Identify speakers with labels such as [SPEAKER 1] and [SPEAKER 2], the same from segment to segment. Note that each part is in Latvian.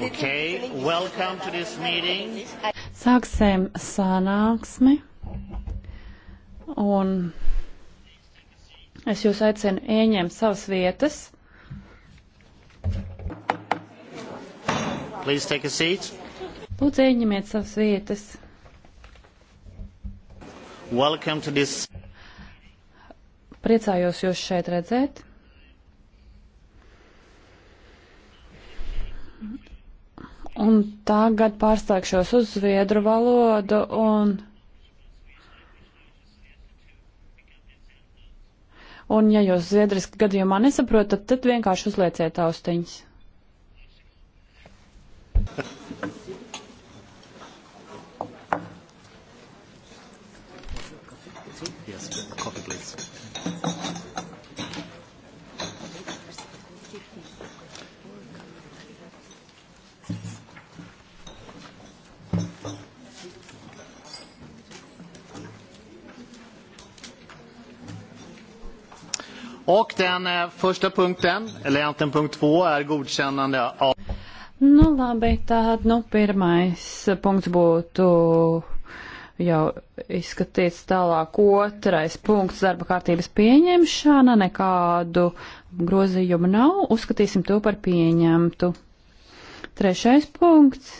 [SPEAKER 1] Okay, welcome to this meeting.
[SPEAKER 2] Sāksim sanāksmi. Un es jūs aicinu ieņemt savas vietas.
[SPEAKER 1] Please take a seat.
[SPEAKER 2] Lūdzu, ieņemiet savas vietas.
[SPEAKER 1] Welcome to this.
[SPEAKER 2] Priecājos jūs šeit redzēt. Un tagad pārslēgšos uz zviedru valodu un. Un ja jūs zviedriski gadījumā nesaprotat, tad vienkārši uzlieciet austiņas.
[SPEAKER 1] Och den eh, första punkten, eller egentligen punkt två, är godkännande av...
[SPEAKER 2] Nu labi, tad nu pirmais punkts būtu jau izskatīts tālāk. Otrais punkts darba kārtības pieņemšana, nekādu grozījumu nav, uzskatīsim to par pieņemtu. Trešais punkts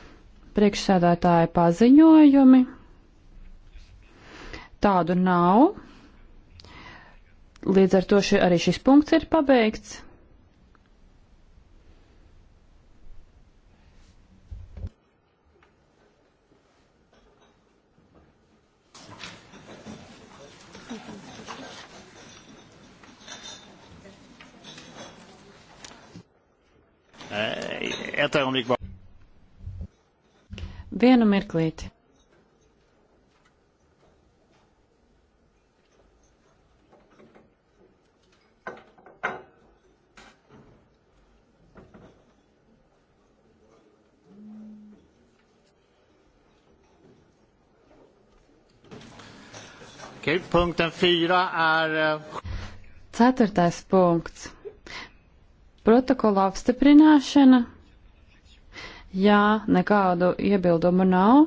[SPEAKER 2] - priekšsēdētāja paziņojumi. Tādu nav. Līdz ar to ši, arī šis punkts ir pabeigts.
[SPEAKER 1] Eh,
[SPEAKER 2] Vienu mirklīti.
[SPEAKER 1] Okej, okay, punkten fyra är... Eh,
[SPEAKER 2] Ceturtais punkts. Protokola apstiprināšana. Ja nekādu iebildumu nav,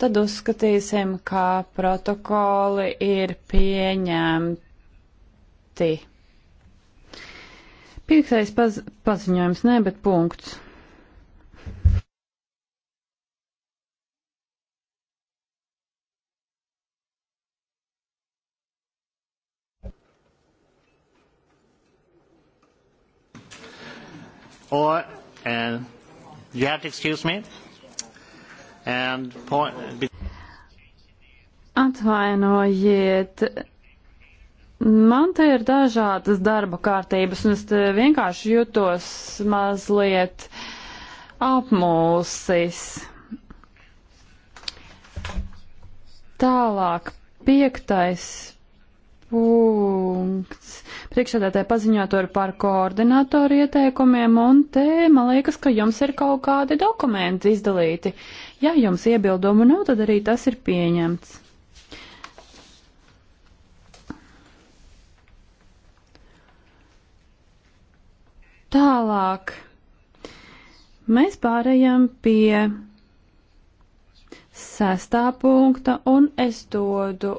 [SPEAKER 2] tad uzskatīsim, ka protokoli ir pieņemti. Piektais paz paziņojums, nē, bet punkts.
[SPEAKER 1] or uh, you have to excuse me. And point,
[SPEAKER 2] Atvainojiet, man te ir dažādas darba kārtības, un es vienkārši jutos mazliet apmulsis. Tālāk, piektais punkts. Priekšsēdētāji paziņotori par koordinātoru ieteikumiem, un te man liekas, ka jums ir kaut kādi dokumenti izdalīti. Ja jums iebildumu nav, tad arī tas ir pieņemts. Tālāk. Mēs pārējām pie sestā punkta, un es dodu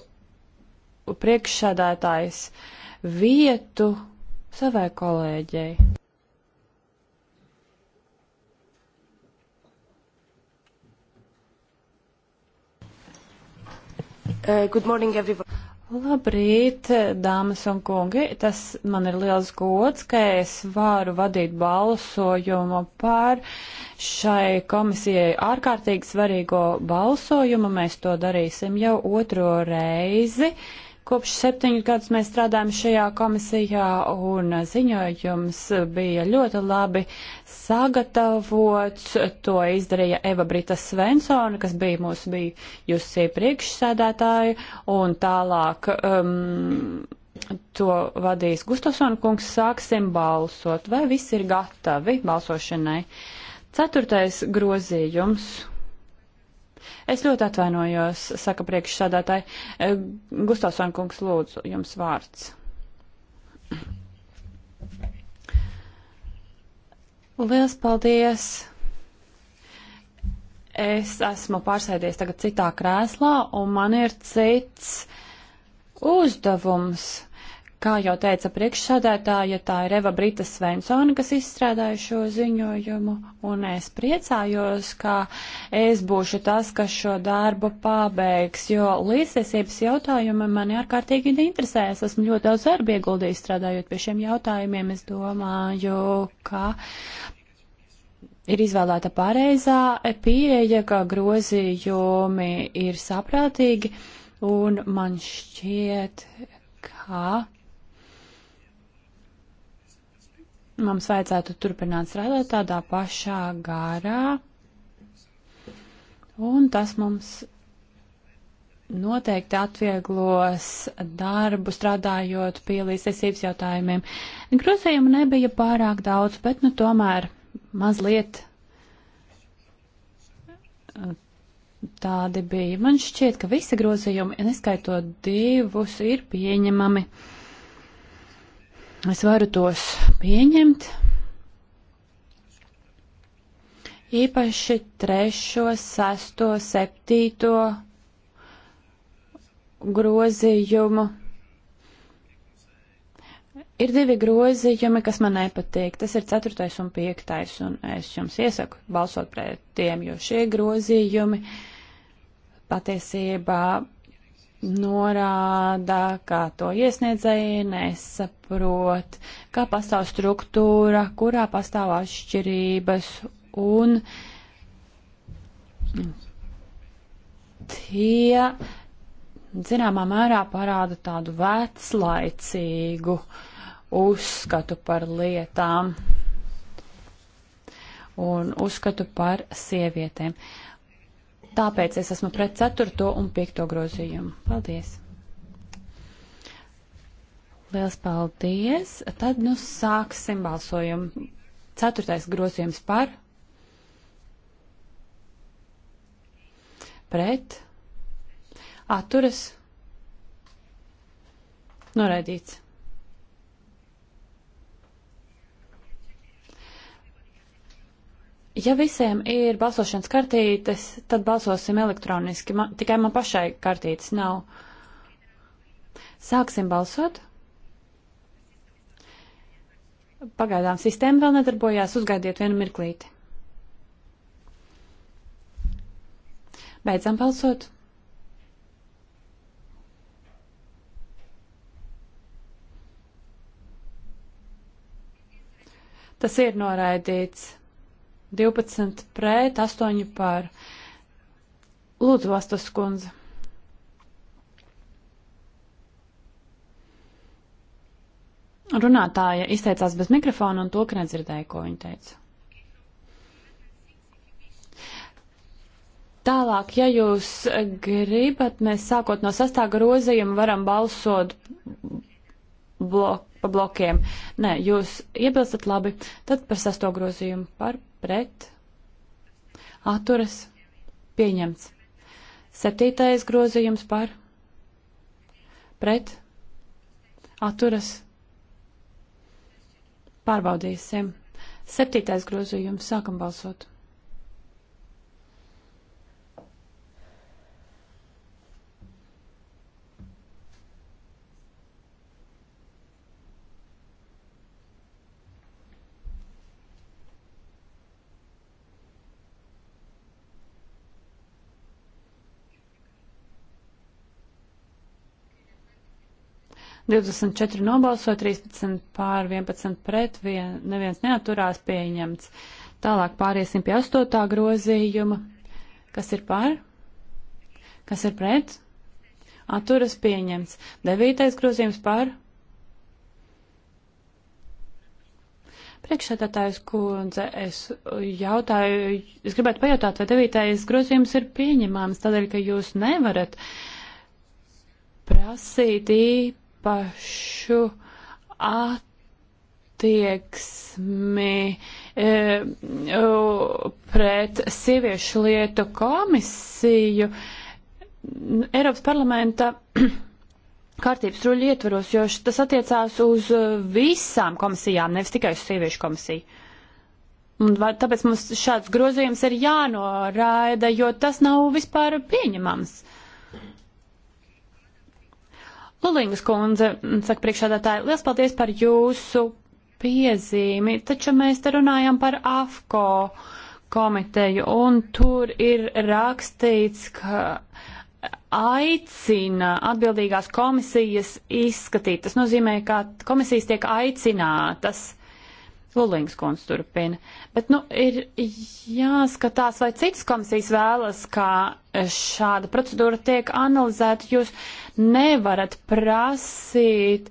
[SPEAKER 2] priekšsēdētājs vietu savai kolēģei. Uh, good morning, everyone. Labrīt, dāmas un kungi. Tas man ir liels gods, ka es varu vadīt balsojumu par šai komisijai ārkārtīgi svarīgo balsojumu. Mēs to darīsim jau otro reizi. Uh, Kopš septiņus gadus mēs strādājam šajā komisijā un ziņojums bija ļoti labi sagatavots. To izdarīja Eva Brita Svensona, kas bija mūsu bijusī priekšsēdētāja, un tālāk um, to vadīs Gustafsona kungs. Sāksim balsot. Vai visi ir gatavi balsošanai? Ceturtais grozījums Es ļoti atvainojos, saka priekšsādātāji. E, Gustafsson kungs, lūdzu, jums vārds. Liels paldies! Es esmu pārsēdies tagad citā krēslā, un man ir cits uzdevums. Kā jau teica priekšsādētāja, tā ir Eva Brita Svensona, kas izstrādāja šo ziņojumu, un es priecājos, ka es būšu tas, kas šo darbu pabeigs, jo līdztiesības jautājumi mani ārkārtīgi interesē. Es esmu ļoti daudz darba ieguldījis strādājot pie šiem jautājumiem. Es domāju, ka ir izvēlēta pareizā pieeja, ka grozījumi ir saprātīgi, un man šķiet, ka Mums vajadzētu turpināt strādāt tādā pašā garā, un tas mums noteikti atvieglos darbu strādājot pie līdztiesības jautājumiem. Grozījumu nebija pārāk daudz, bet nu tomēr mazliet eh, tādi bija. Man šķiet, ka visi grozījumi, neskaitot divus, ir pieņemami. Uh, Es varu tos pieņemt. Īpaši trešo, sesto, septīto grozījumu. Ir divi grozījumi, kas man nepatīk. Tas ir ceturtais un piektais, un es jums iesaku balsot pret tiem, jo šie grozījumi patiesībā norāda, kā to iesniedzēji nesaprot, kā pastāv struktūra, kurā pastāv atšķirības un tie zināmā mērā parāda tādu veclaicīgu uzskatu par lietām un uzskatu par sievietēm. Uh, Tāpēc es esmu pret 4. un 5. grozījumu. Paldies! Liels paldies! Tad nu sāksim balsojumu. Ceturtais grozījums par. Pret. Atturas. Noraidīts. Ja visiem ir balsošanas kartītes, tad balsosim elektroniski. Man, tikai man pašai kartītes nav. Sāksim balsot. Pagaidām sistēma vēl nedarbojās. Uzgaidiet vienu mirklīti. Beidzam balsot. Tas ir noraidīts. 12 pret, 8 pār. Lūdzu, Vastas kundze. Runātāja izteicās bez mikrofona un to, ka nedzirdēja, ko viņa teica. Tālāk, ja jūs gribat, mēs sākot no sastāga grozījuma varam balsot blok, pa blokiem. Nē, jūs iebilstat labi. Tad par sesto grozījumu par pret. Atturas pieņemts. Septītais grozījums par pret. Atturas pārbaudīsim. Septītais grozījums sākam balsot. 24 nobalsoja, 13 pār 11 pret, vien, neviens neaturās pieņemts. Tālāk pāriesim pie 8. grozījuma. Kas ir pār? Kas ir pret? Atturas pieņemts. 9. grozījums pār? Priekšsēdētājs kundze, es jautāju, es gribētu pajautāt, vai 9. grozījums ir pieņemams, tādēļ, ka jūs nevarat prasīt īpaši pašu attieksmi e, pret sieviešu lietu komisiju Eiropas parlamenta kārtības ruļu ietvaros, jo tas attiecās uz visām komisijām, nevis tikai uz sieviešu komisiju. Un vai, tāpēc mums šāds grozījums ir jānoraida, jo tas nav vispār pieņemams. Uh, Lulingas kundze, mm, saka priekšādātāji, liels paldies par jūsu piezīmi, taču mēs te runājam par AFCO komiteju, un tur ir rakstīts, ka aicina atbildīgās komisijas izskatīt. Tas nozīmē, ka komisijas tiek aicinātas Lulīngas kundze turpina. Bet, nu, ir jāskatās, vai citas komisijas vēlas, kā šāda procedūra tiek analizēta. Jūs nevarat prasīt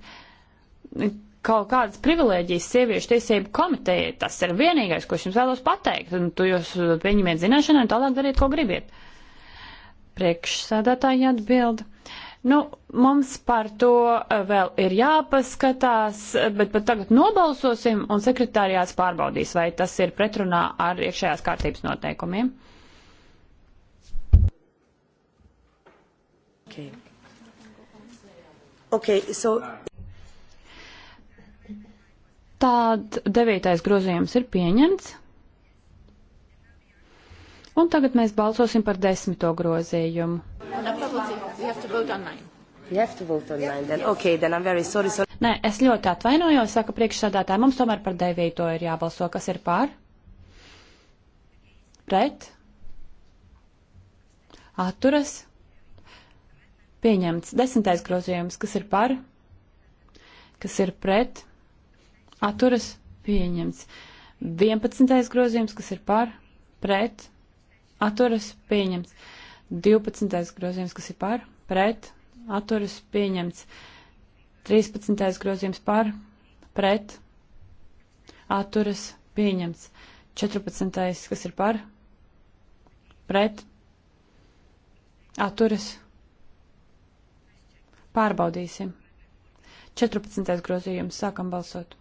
[SPEAKER 2] kaut kādas privilēģijas sieviešu tiesību komitejai. Tas ir vienīgais, ko es jums vēlos pateikt. Un tu jūs pieņemiet zināšanai un tālāk dariet, ko gribiet. Priekšsēdētāji atbild. Nu, mums par to eh, vēl ir jāpaskatās, bet pat tagad nobalsosim un sekretārijās pārbaudīs, vai tas ir pretrunā ar iekšējās kārtības noteikumiem.
[SPEAKER 3] Okay. Okay, so...
[SPEAKER 2] Tād devītais grozījums ir pieņemts. Un tagad mēs balsosim par desmito grozījumu. Then. Okay, then sorry, sorry. Nē, es ļoti atvainojos, saka priekšsādātāji, mums tomēr par devīto ir jābalso, kas ir pār? Pret? Atturas? Pieņemts. Desmitais grozījums, kas ir par? Kas ir pret? Atturas? Pieņemts. Vienpadsmitais grozījums, kas ir par? Pret? atturas pieņemts. 12. grozījums, kas ir par, pret, atturas pieņemts. 13. grozījums par, pret, atturas pieņemts. 14. kas ir par, pret, atturas. Pārbaudīsim. 14. grozījums. Sākam balsot.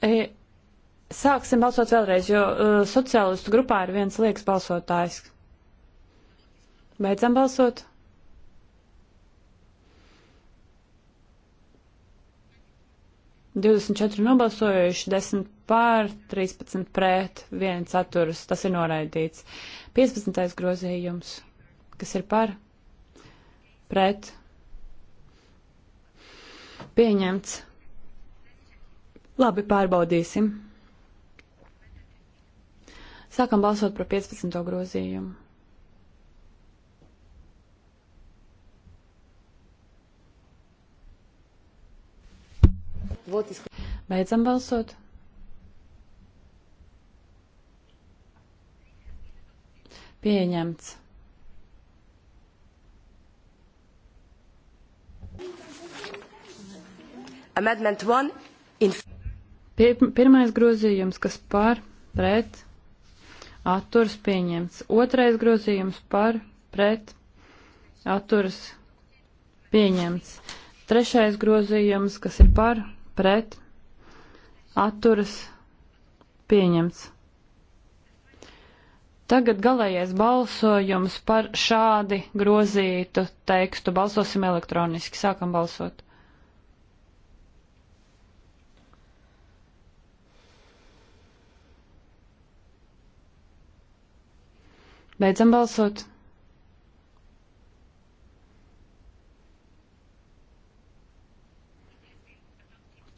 [SPEAKER 2] E, sāksim balsot vēlreiz, jo uh, sociālistu grupā ir viens liekas balsotājs. Beidzam balsot. Divdesmit četri nobalsojuši, desmit pār, trīspadsmit pret, viens atturas, tas ir noraidīts. Piecpadsmitais grozījums, kas ir par, pret, pieņemts. Labi, pārbaudīsim. Sākam balsot par 15. grozījumu. Beidzam balsot. Pieņemts. Amendment 1 in Pirmais grozījums, kas par pret atturas pieņemts. Otrais grozījums par pret atturas pieņemts. Trešais grozījums, kas ir par pret atturas pieņemts. Tagad galējais balsojums par šādi grozītu tekstu. Balsosim elektroniski. Sākam balsot. Beidzam balsot.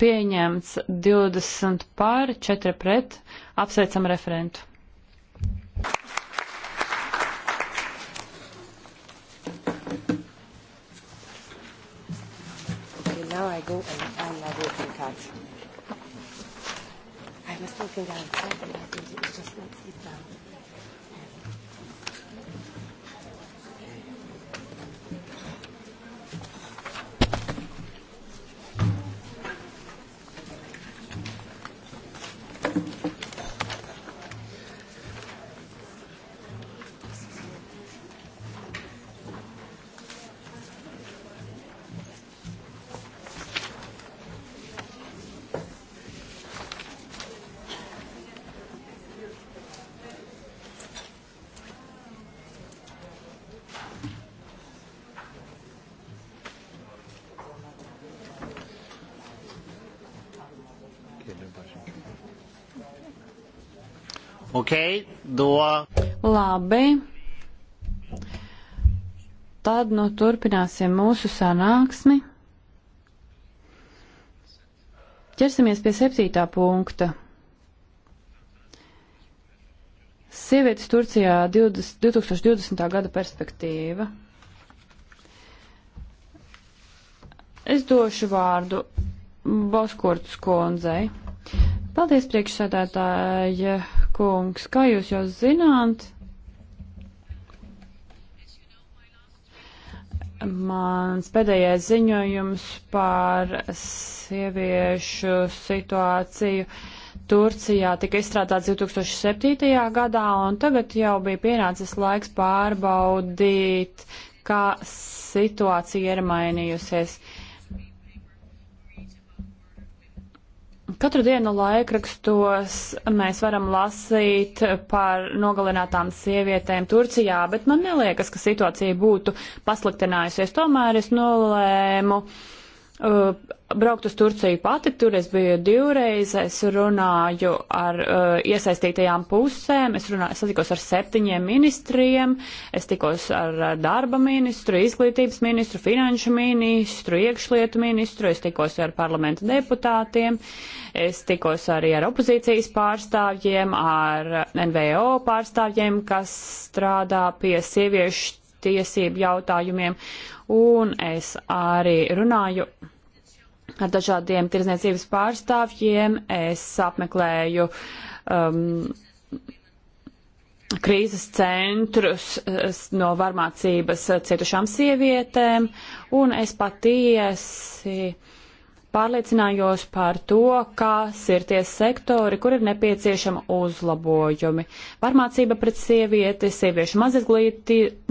[SPEAKER 2] Pieņemts 20 pār, 4 pret. Apsveicam referentu.
[SPEAKER 4] now I go and I have working cards. I was thinking I'm excited. It's just not sit down.
[SPEAKER 1] Okei, okay, do. Uh,
[SPEAKER 2] Labi. Tad nu turpināsim mūsu sanāksmi. Ķersimies pie septītā punkta. Sievietes Turcijā 20, 2020. gada perspektīva. Es došu vārdu Boskurtas kundzei. Paldies, priekšsēdētāji kungs, kā jūs jau zināt, mans pēdējais ziņojums par sieviešu situāciju Turcijā tika izstrādāts 2007. gadā, un tagad jau bija pienācis laiks pārbaudīt, kā situācija ir mainījusies. Uh, Katru dienu laikrakstos mēs varam lasīt par nogalinātām sievietēm Turcijā, bet man neliekas, ka situācija būtu pasliktinājusies. Tomēr es nolēmu uh, uh, braukt uz Turciju pati, tur es biju divreiz, es runāju ar uh, iesaistītajām pusēm, es, runāju, es satikos ar septiņiem ministriem, es tikos ar darba ministru, izglītības ministru, finanšu ministru, iekšlietu ministru, es tikos ar parlamenta deputātiem, es tikos arī ar opozīcijas pārstāvjiem, ar NVO pārstāvjiem, kas strādā pie sieviešu tiesību jautājumiem, un es arī runāju ar dažādiem tirzniecības pārstāvjiem. Es apmeklēju um, krīzes centrus no varmācības cietušām sievietēm, un es patiesi pārliecinājos par to, kas ir tie sektori, kur ir nepieciešama uzlabojumi. Varmācība pret sievieti, sieviešu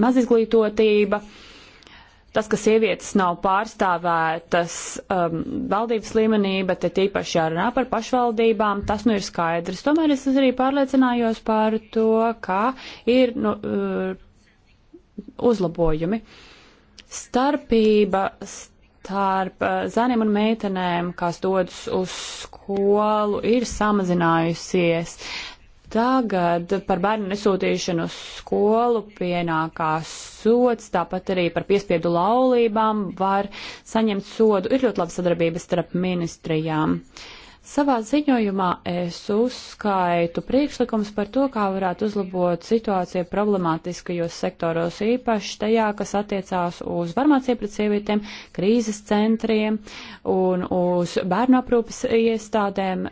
[SPEAKER 2] mazizglītotība. Maz tas, ka sievietes nav pārstāvētas um, valdības līmenī, bet te tīpaši jārunā par pašvaldībām, tas nu ir skaidrs. Tomēr es arī pārliecinājos par to, kā ir nu, uh, uzlabojumi. Starpība starp uh, zaniem un meitenēm, kas dodas uz skolu, ir samazinājusies. Uh, Tagad par bērnu nesūtīšanu uz skolu pienākās sots, tāpat arī par piespiedu laulībām var saņemt sodu. Ir ļoti laba sadarbība starp ministrijām. Savā ziņojumā es uzskaitu priekšlikums par to, kā varētu uzlabot situāciju problemātiskajos sektoros, īpaši tajā, kas attiecās uz farmāciju pret sievietēm, krīzes centriem un uz bērnu aprūpas iestādēm,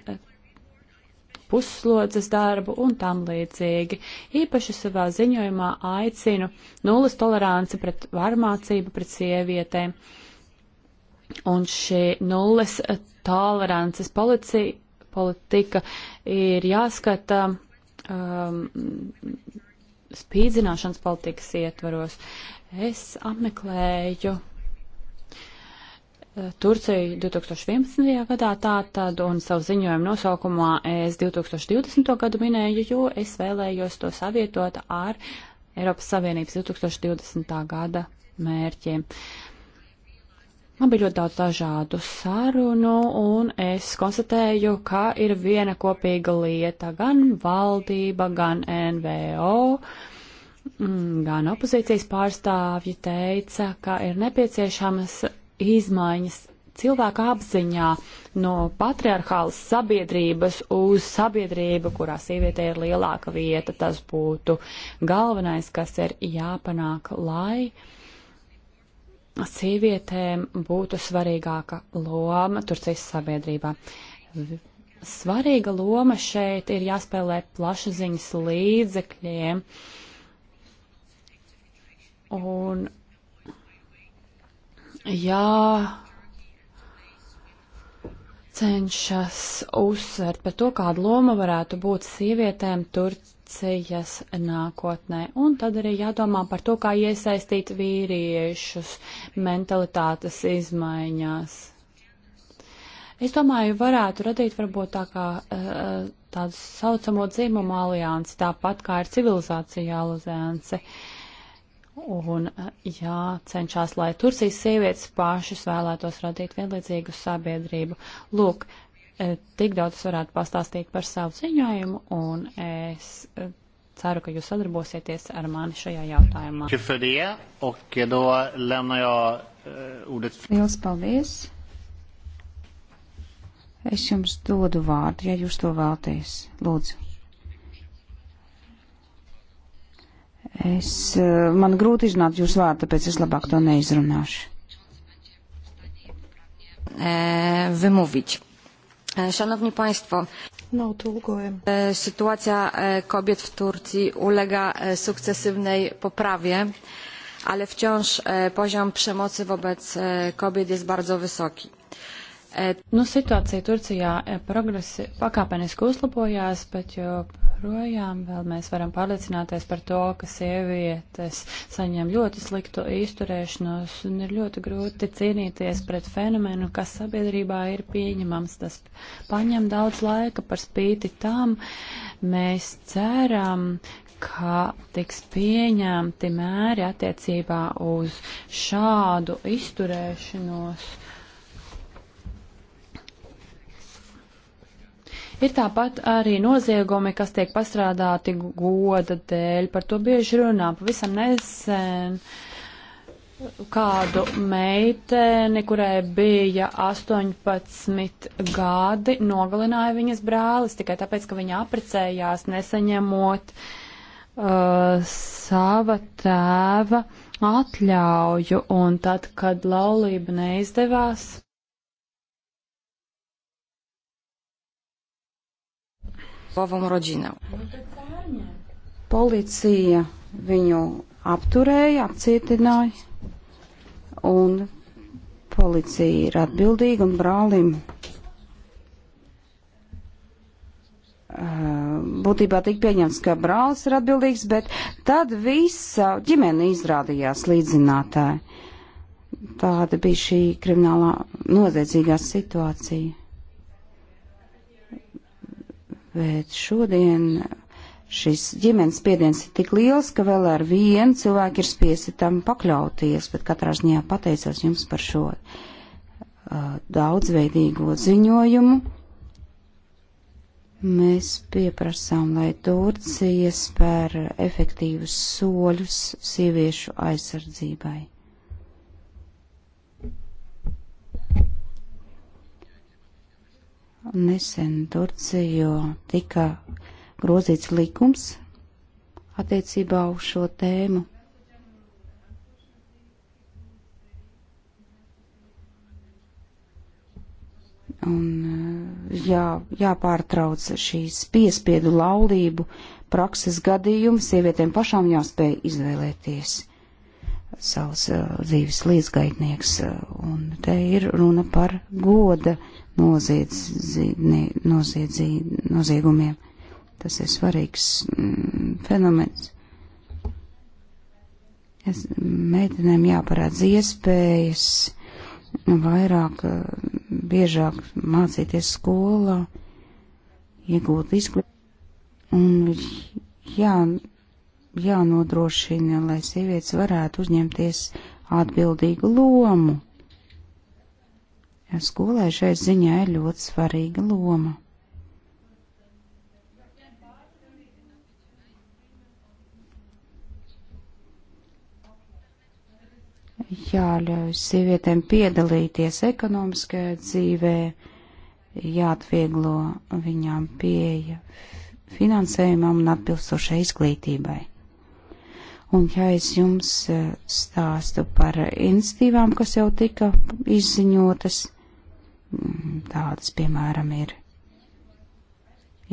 [SPEAKER 2] puslodzes darbu un tam līdzīgi. Īpaši savā ziņojumā aicinu nulles toleranci pret varmācību pret sievietēm. Un šī nulles tolerances policija, politika ir jāskata um, spīdzināšanas politikas ietvaros. Es apmeklēju Turciju 2011. gadā tātad un savu ziņojumu nosaukumā es 2020. gadu minēju, jo es vēlējos to savietot ar Eiropas Savienības 2020. gada mērķiem. Man bija ļoti daudz dažādu sarunu, un es konstatēju, ka ir viena kopīga lieta - gan valdība, gan NVO. Mm, gan opozīcijas pārstāvji teica, ka ir nepieciešamas izmaiņas cilvēka apziņā no patriarchālas sabiedrības uz sabiedrību, kurā sievietē ir lielāka vieta. Tas būtu galvenais, kas ir jāpanāk, lai sievietēm būtu svarīgāka loma Turcijas sabiedrībā. Svarīga loma šeit ir jāspēlē plašsaziņas līdzekļiem. Un jā, cenšas uzsvērt par to, kāda loma varētu būt sievietēm Turcijas nākotnē. Un tad arī jādomā par to, kā iesaistīt vīriešus mentalitātes izmaiņās. Es domāju, varētu radīt varbūt tā kā eh, tādu saucamo dzimumu aliansi, tāpat kā ir civilizācija aliansi. Uh, un eh, jācenšas, lai Turcijas sievietes pašas vēlētos radīt vienlīdzīgu sabiedrību. Lūk, eh, tik daudz varētu pastāstīt par savu ziņojumu, un es eh, ceru, ka jūs sadarbosieties ar mani šajā jautājumā.
[SPEAKER 4] Liels paldies! Es jums dodu vārdu, ja jūs to vēlties. Lūdzu. Es, eh, man grūti izrunāt jūsu vārdu, tāpēc es labāk to neizrunāšu. Wymówić. Eh, eh, szanowni Państwo, no, sytuacja kobiet w Turcji ulega sukcesywnej
[SPEAKER 2] poprawie, ale wciąż poziom przemocy wobec kobiet jest bardzo wysoki Nu, situācija Turcijā e, progresi pakāpeniski uzlabojās, bet joprojām vēl mēs varam pārliecināties par to, ka sievietes saņem ļoti sliktu izturēšanos un ir ļoti grūti cīnīties pret fenomenu, kas sabiedrībā ir pieņemams. Tas paņem daudz laika par spīti tam. Mēs ceram, ka tiks pieņemti mēri attiecībā uz šādu izturēšanos Ir tāpat arī noziegumi, kas tiek pastrādāti goda dēļ, par to bieži runā. Pavisam nesen kādu meiteni, kurai bija 18 gadi, nogalināja viņas brālis tikai tāpēc, ka viņa aprecējās nesaņemot uh, sava tēva atļauju, un tad, kad laulība neizdevās, państwową rodzinę. Policija
[SPEAKER 4] viņu apturēja, apcietināja, un policija ir atbildīga un brālim. Būtībā tika pieņemts, ka brālis ir atbildīgs, bet tad visa ģimene izrādījās līdzinātāji. Tāda bija šī kriminālā noziedzīgā situācija bet šodien šis ģimenes spiediens ir tik liels, ka vēl ar vienu cilvēku ir spiesti tam pakļauties, bet katrā ziņā pateicos jums par šo uh, daudzveidīgo ziņojumu. Mēs pieprasām, lai Turcija spēr efektīvus soļus sieviešu aizsardzībai. Nesen Turcijo tika grozīts likums attiecībā uz šo tēmu. Un eh, jā, jāpārtrauc šīs piespiedu laulību prakses gadījumi, sievietēm pašām jāspēj izvēlēties savus uh, eh, dzīves līdzgaitnieks, eh, un te ir runa par goda noziegumiem. Tas ir svarīgs mm, fenomens. Es, meitenēm jāparādz iespējas vairāk, biežāk mācīties skolā, iegūt izglītību. Un jā, jānodrošina, lai sievietes varētu uzņemties atbildīgu lomu Skolai šai ziņā ir ļoti svarīga loma. Jāļauj sievietēm piedalīties ekonomiskajā dzīvē, jāatvieglo viņām pieeja finansējumam un atbilstošai izglītībai. Un ja es jums eh, stāstu par institīvām, kas jau tika izziņotas, Tādas, piemēram, ir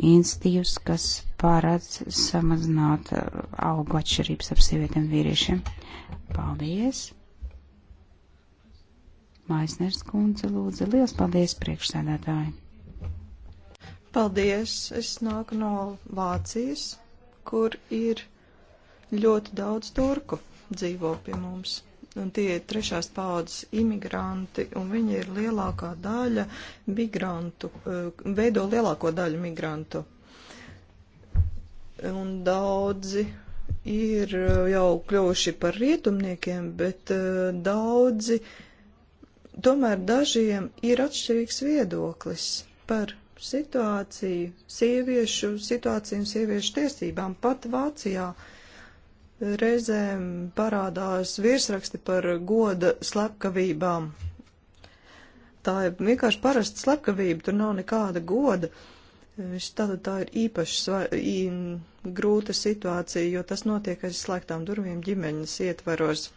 [SPEAKER 4] institīvs, kas pārādz samazināt uh, augu atšķirības ar sievietēm vīriešiem. Paldies! Maisners kundze lūdzu, liels paldies priekšsēdētāji!
[SPEAKER 3] Paldies! Es nāku no Vācijas, kur ir ļoti daudz turku dzīvo pie mums un tie ir trešās paudzes imigranti, un viņi ir lielākā daļa migrantu, eh, veido lielāko daļu migrantu. Un daudzi ir eh, jau kļuvuši par rietumniekiem, bet eh, daudzi, tomēr dažiem ir atšķirīgs viedoklis par situāciju, sieviešu situāciju un sieviešu tiesībām pat Vācijā. Uh, Reizēm parādās virsraksti par goda slepkavībām. Tā ir vienkārši parasta slepkavība, tur nav nekāda goda. Tātad tā ir īpaši grūta situācija, jo tas notiek aiz slēgtām durvīm ģimeņas ietvaros.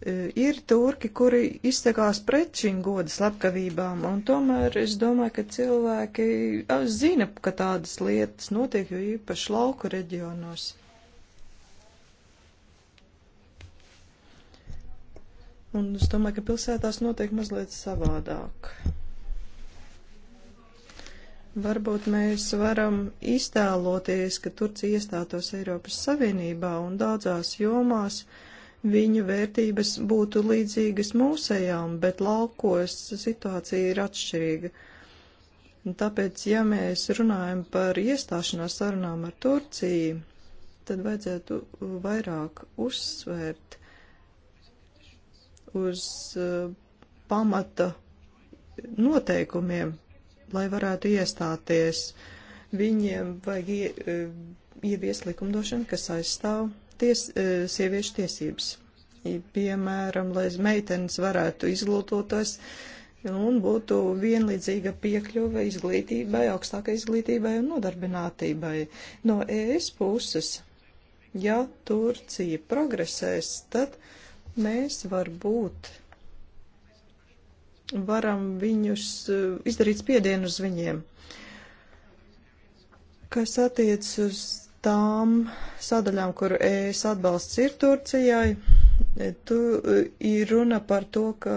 [SPEAKER 3] E, ir turki, kuri izsakās pret šīm goda slepkavībām, un tomēr es domāju, ka cilvēki zina, ka tādas lietas notiek, jo īpaši lauku reģionos. Un es domāju, ka pilsētās notiek mazliet savādāk. Varbūt mēs varam iztēloties, ka Turcija iestātos Eiropas Savienībā un daudzās jomās uh, viņu vērtības būtu līdzīgas mūsējām, bet laukos situācija ir atšķirīga. Tāpēc, ja mēs runājam par iestāšanās sarunām ar Turciju, tad vajadzētu vairāk uzsvērt uz uh, pamata noteikumiem, lai varētu iestāties. Viņiem vajag uh, ievies likumdošanu, kas aizstāv ties, e, sieviešu tiesības. Piemēram, lai meitenes varētu izglītoties un būtu vienlīdzīga piekļuve izglītībai, augstākai izglītībai un nodarbinātībai. No ES puses, ja Turcija progresēs, tad mēs varbūt varam viņus e, izdarīt spiedienu uz viņiem. Kas attiec uz tām sadaļām, kur ES atbalsts ir Turcijai, e, tu, e, ir runa par to, ka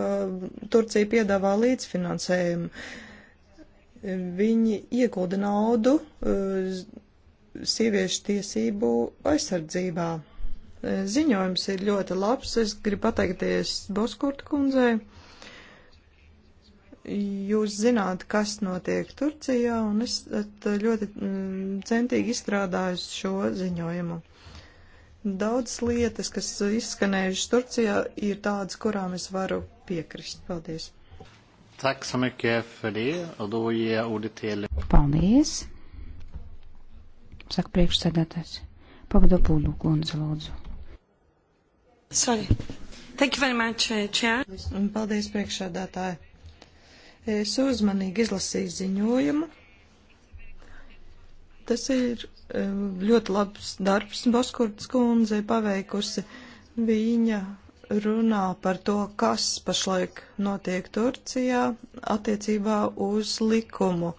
[SPEAKER 3] Turcija piedāvā līdzfinansējumu. E, viņi iegulda naudu sieviešu tiesību aizsardzībā. Ziņojums ir ļoti labs. Es gribu pateikties Boskurta kundzei jūs zināt, kas notiek Turcijā, un es ļoti mm, centīgi izstrādāju šo ziņojumu. Daudz lietas, kas izskanējušas Turcijā, ir tādas, kurām es varu piekrist. Paldies!
[SPEAKER 4] Paldies! Saka priekšsēdētājs. Pavadopūlu kundze lūdzu.
[SPEAKER 3] Sorry. Thank you very much, uh, Chair. Paldies priekšsēdētāji. Es uzmanīgi izlasīju ziņojumu. Tas ir e, ļoti labs darbs Boskurts kundze paveikusi. Viņa runā par to, kas pašlaik notiek Turcijā attiecībā uz likumu.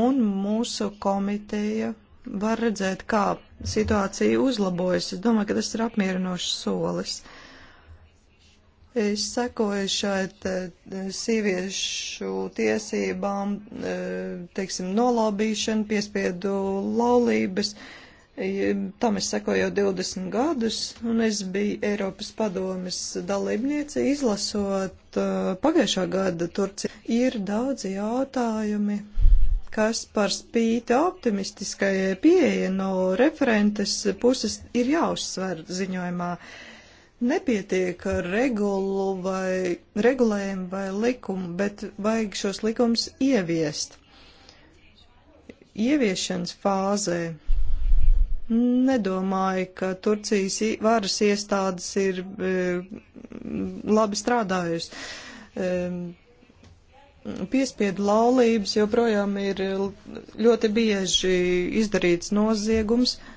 [SPEAKER 3] Un mūsu komiteja var redzēt, kā situācija uzlabojas. Es domāju, ka tas ir apmierinošs solis. Uh, Es sekoju šeit eh, sieviešu tiesībām, eh, teiksim, nolobīšana, piespiedu laulības. Tam es sekoju jau 20 gadus, un es biju Eiropas padomes dalībniece, izlasot eh, pagājušā gada Turciju. Ir daudzi jautājumi, kas par spīti optimistiskajai pieeja no referentes puses ir jāuzsver ziņojumā. Uh, nepietiek ar regulu vai regulējumu vai likumu, bet vajag šos likumus ieviest. Ieviešanas fāzē nedomāju, ka Turcijas varas iestādes ir e, labi strādājusi. E, piespiedu laulības joprojām ir ļoti bieži izdarīts noziegums. E,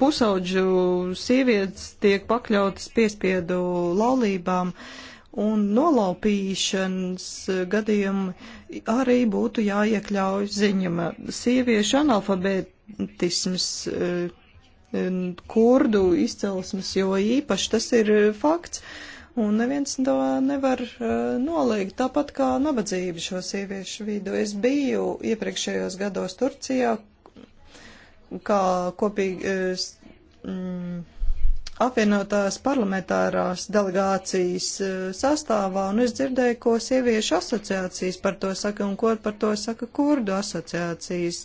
[SPEAKER 3] pusauģu sievietes tiek pakļautas piespiedu laulībām un nolaupīšanas gadījumi arī būtu jāiekļauj ziņama. Sieviešu analfabētisms eh, kurdu izcelsmes, jo īpaši tas ir fakts, un neviens to nevar eh, noliegt, tāpat kā nabadzība šo sieviešu vidu. Es biju iepriekšējos gados Turcijā, kā kopīgi mm, apvienotās parlamentārās delegācijas eh, sastāvā, un es dzirdēju, ko sieviešu asociācijas par to saka, un ko par to saka kurdu asociācijas.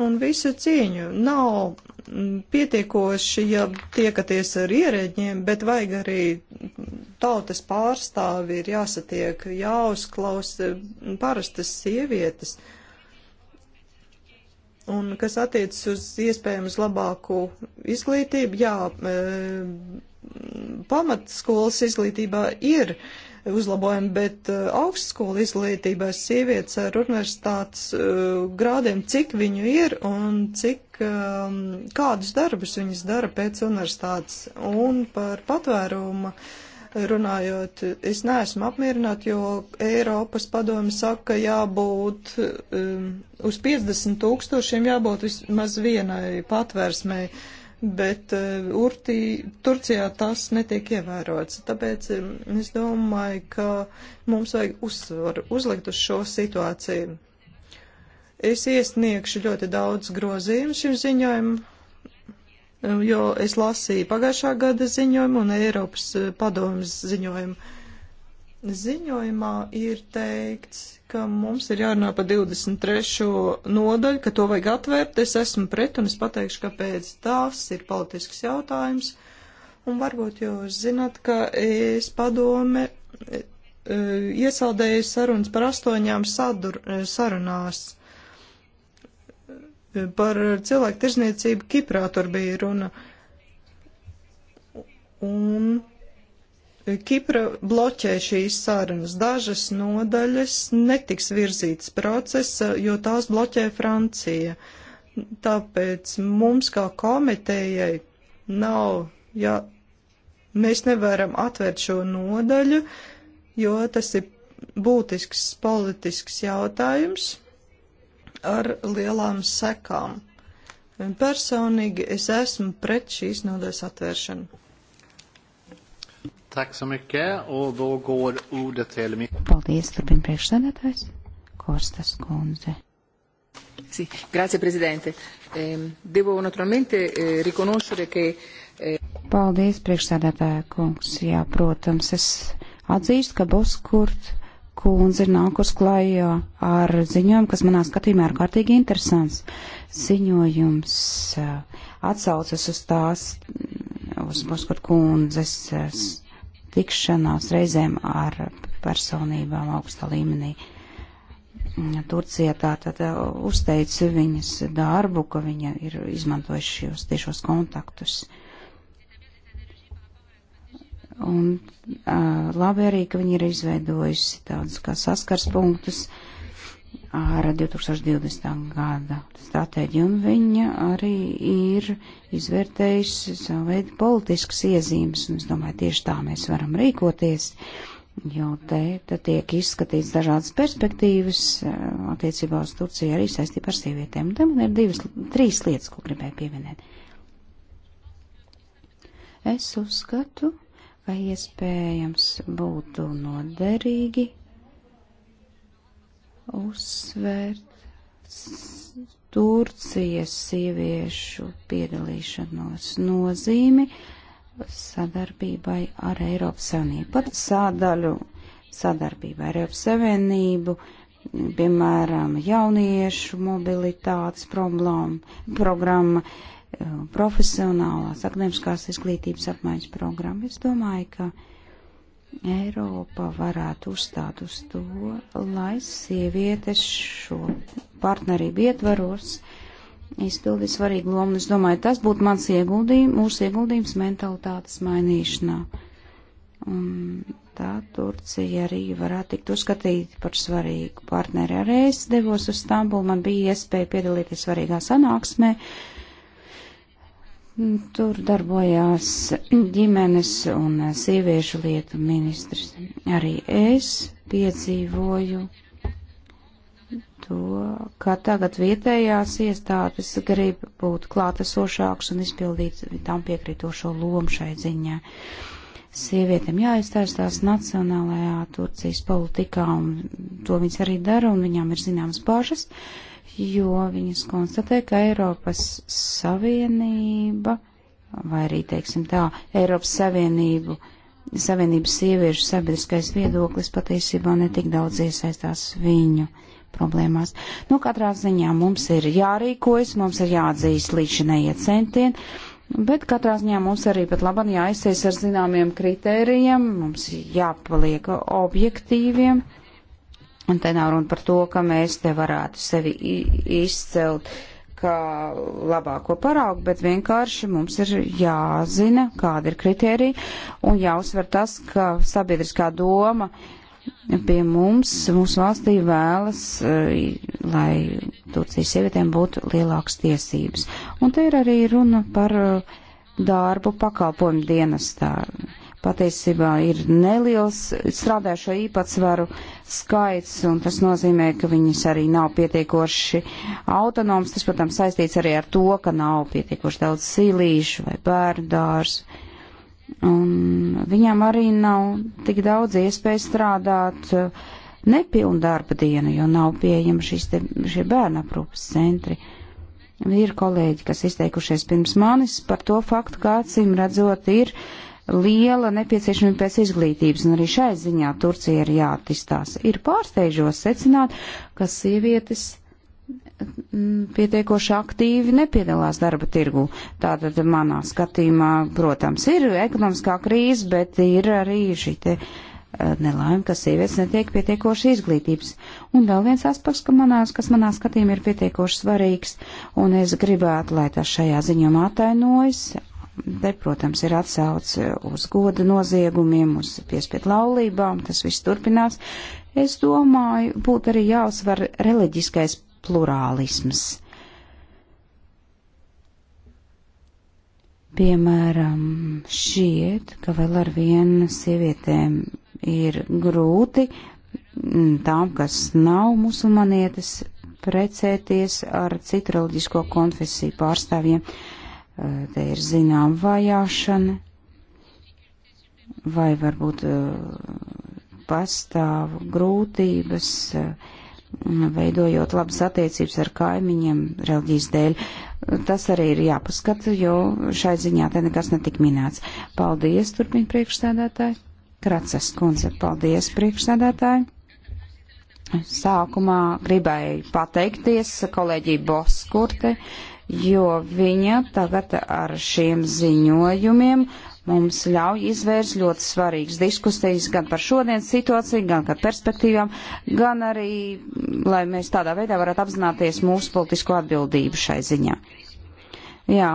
[SPEAKER 3] Un visu cieņu nav mm, pietiekoši, ja tiekaties ar ierēģiem, bet vajag arī mm, tautas pārstāvi ir jāsatiek, jāuzklaus eh, parastas sievietes. Uh, Un kas attiecas uz iespējams labāku izglītību, jā, e, pamatskolas izglītībā ir uzlabojumi, bet e, augstskola izglītībā sievietes ar universitātes e, grādiem, cik viņu ir un cik, kādus darbus viņas dara pēc universitātes. Un par patvēruma uh, runājot, es neesmu apmierināta, jo Eiropas padomi saka, ka jābūt um, uz 50 tūkstošiem jābūt vismaz vienai patvērsmei, bet uh, Urtī, Turcijā tas netiek ievērots. Tāpēc um, es domāju, ka mums vajag uzsvaru uzlikt uz šo situāciju. Es iesniegšu ļoti daudz grozījumu šim ziņojumam Um, jo es lasīju pagājušā gada ziņojumu un Eiropas uh, padomas ziņojumu. Ziņojumā ir teikts, ka mums ir jārunā par 23. nodaļu, ka to vajag atvērt. Es esmu pret un es pateikšu, kāpēc tās ir politisks jautājums. Un varbūt jūs zināt, ka es padome uh, iesaldēju sarunas par astoņām sadur, uh, sarunās. Par cilvēku tirzniecību Kiprā tur bija runa. Un Kipra bloķē šīs sarunas. Dažas nodaļas netiks virzītas procesa, jo tās bloķē Francija. Tāpēc mums kā komitejai nav, ja mēs nevaram atvērt šo nodaļu, jo tas ir būtisks politisks jautājums ar lielām sekām. Personīgi es esmu pret šīs nodaļas atvēršanu.
[SPEAKER 1] Tack så mycket och då går ordet till min...
[SPEAKER 3] Paldies, turpin priekšsēdētājs. Kostas kundze.
[SPEAKER 1] Sì, grazie Presidente. Eh, devo naturalmente eh, riconoscere
[SPEAKER 3] che... Eh...
[SPEAKER 4] Paldies, priekšsēdētāja kungs. Jā, protams, es atzīstu, ka Boskurt kundze ir nākus klajā ar ziņojumu, kas manā skatījumā ir kārtīgi interesants. Ziņojums eh, atsaucas uz tās, uz Boskot kundzes eh, tikšanās reizēm ar personībām augsta līmenī. Mm, Turcija tā tad eh, uzteica viņas darbu, ka viņa ir izmantojuši šos tiešos kontaktus. Uh, Un uh, labi arī, ka viņi ir izveidojusi tādus kā saskars punktus ar 2020. gada stratēģiju, un viņa arī ir izvērtējusi savu veidu politiskas iezīmes, un es domāju, tieši tā mēs varam rīkoties, jo te, te tiek izskatīts dažādas perspektīvas attiecībā uz Turciju arī saistībā ar sievietēm. Te man ir divas, trīs lietas, ko gribēju pieminēt. Es uzskatu, vai iespējams būtu noderīgi uzsvērt Turcijas sieviešu piedalīšanos nozīmi sadarbībai ar Eiropas Savienību. Pat sādaļu sadarbībai ar Eiropas Savienību, piemēram, jauniešu mobilitātes problēma, programma, profesionālās akadēmiskās izglītības apmaiņas programmu. Es domāju, ka Eiropa varētu uzstāt uz to, lai sievietes šo partnerību ietvaros izpildīt svarīgu lomu. Es domāju, tas būtu mans ieguldījums, mūsu ieguldījums mentalitātes mainīšanā. Un tā Turcija arī varētu tikt uzskatīta par svarīgu partneri. Arī es devos uz Stambulu, man bija iespēja piedalīties svarīgā sanāksmē. Uh, Mm, tur darbojās ģimenes un sieviešu lietu ministrs. Arī es piedzīvoju to, ka tagad vietējās iestādes grib būt klātesošāks un izpildīt tam piekrītošo lomu šai ziņā. Sievietēm jāiztaistās nacionālajā Turcijas politikā, un to viņas arī dara, un viņām ir zināmas bažas. Uh, jo viņas konstatē, ka Eiropas Savienība, vai arī, teiksim tā, Eiropas Savienību, Savienības sieviešu sabiedriskais viedoklis patiesībā netik daudz iesaistās viņu problēmās. Nu, katrā ziņā mums ir jārīkojas, mums ir jāatzīst līdzinējie centieni, bet katrā ziņā mums arī pat labam jāaizsies ar zināmiem kritērijiem, mums jāpaliek objektīviem. Un te nav runa par to, ka mēs te varētu sevi izcelt kā labāko paraugu, bet vienkārši mums ir jāzina, kāda ir kriterija, un jāuzsver tas, ka sabiedriskā doma pie mums, mūsu valstī vēlas, lai Turcijas sievietēm būtu lielākas tiesības. Un te ir arī runa par darbu pakalpojumu dienestā patiesībā ir neliels strādājušo īpatsvaru skaits, un tas nozīmē, ka viņas arī nav pietiekoši autonomas. Tas, protams, saistīts arī ar to, ka nav pietiekoši daudz sīlīšu vai bērnu dārzu. Un viņam arī nav tik daudz iespēju strādāt uh, nepilnu darba dienu, jo nav pieejama šīs te, šie bērna aprūpas centri. Ir kolēģi, kas izteikušies pirms manis par to faktu, kā acīm redzot ir uh, liela nepieciešamība pēc izglītības, un arī šai ziņā Turcija ir jāatistās. Ir pārsteižos secināt, ka sievietes mm, pietiekoši aktīvi nepiedalās darba tirgu. Tātad manā skatījumā, protams, ir ekonomiskā krīze, bet ir arī šī te eh, nelaime, ka sievietes netiek pietiekoši izglītības. Un vēl viens aspekts, ka manās, kas manā skatījumā ir pietiekoši svarīgs, un es gribētu, lai tas šajā ziņumā atainojas te, protams, ir atsauce uz goda noziegumiem, uz piespiedu laulībām, tas viss turpinās. Es domāju, būtu arī jāuzsver reliģiskais plurālisms. Piemēram, šķiet, ka vēl ar vienu sievietēm ir grūti tām, kas nav musulmanietes, precēties ar citu reliģisko konfesiju pārstāvjiem. Uh, te ir zinām vajāšana, vai varbūt eh, pastāv grūtības, eh, veidojot labas attiecības ar kaimiņiem reliģijas dēļ. Tas arī ir jāpaskata, jo šai ziņā te nekas netika minēts. Paldies, turpina priekšsēdētāji. Kracas kundze, paldies priekšsēdētāji. Sākumā gribēju pateikties kolēģi Boskurte jo viņa tagad ar šiem ziņojumiem mums ļauj izvērst ļoti svarīgas diskusijas gan par šodienas situāciju, gan par perspektīvām, gan arī, lai mēs tādā veidā varētu apzināties mūsu politisko atbildību šai ziņā. Jā,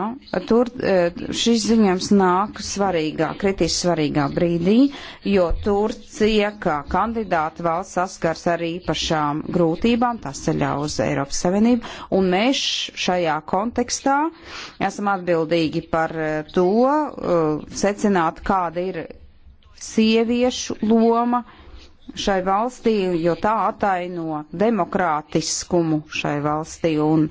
[SPEAKER 4] tur e, šis ziņojums nāk svarīgā, kritiski svarīgā brīdī, jo Turcija kā kandidāta valsts saskars ar īpašām grūtībām, tas ceļā uz Eiropas Savienību, un mēs šajā kontekstā esam atbildīgi par e, to e, secināt, kāda ir sieviešu loma šai valstī, jo tā ataino demokrātiskumu šai valstī un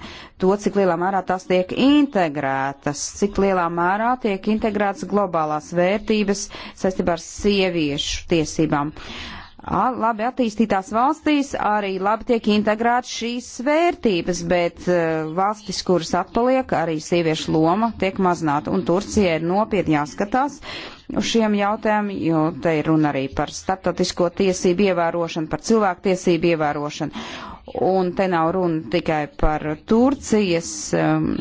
[SPEAKER 4] to, cik lielā mērā tās tiek integrētas, cik lielā mērā tiek integrētas globālās vērtības saistībā ar sieviešu tiesībām. Uh, labi attīstītās valstīs arī labi tiek integrētas šīs vērtības, bet e, valstis, kuras atpaliek, arī sieviešu loma tiek mazināta. Un Turcija ir nopietni jāskatās uz šiem jautājumiem, jo te ir runa arī par starptautisko tiesību ievērošanu, par cilvēktiesību ievērošanu. Un te nav runa tikai par Turcijas um,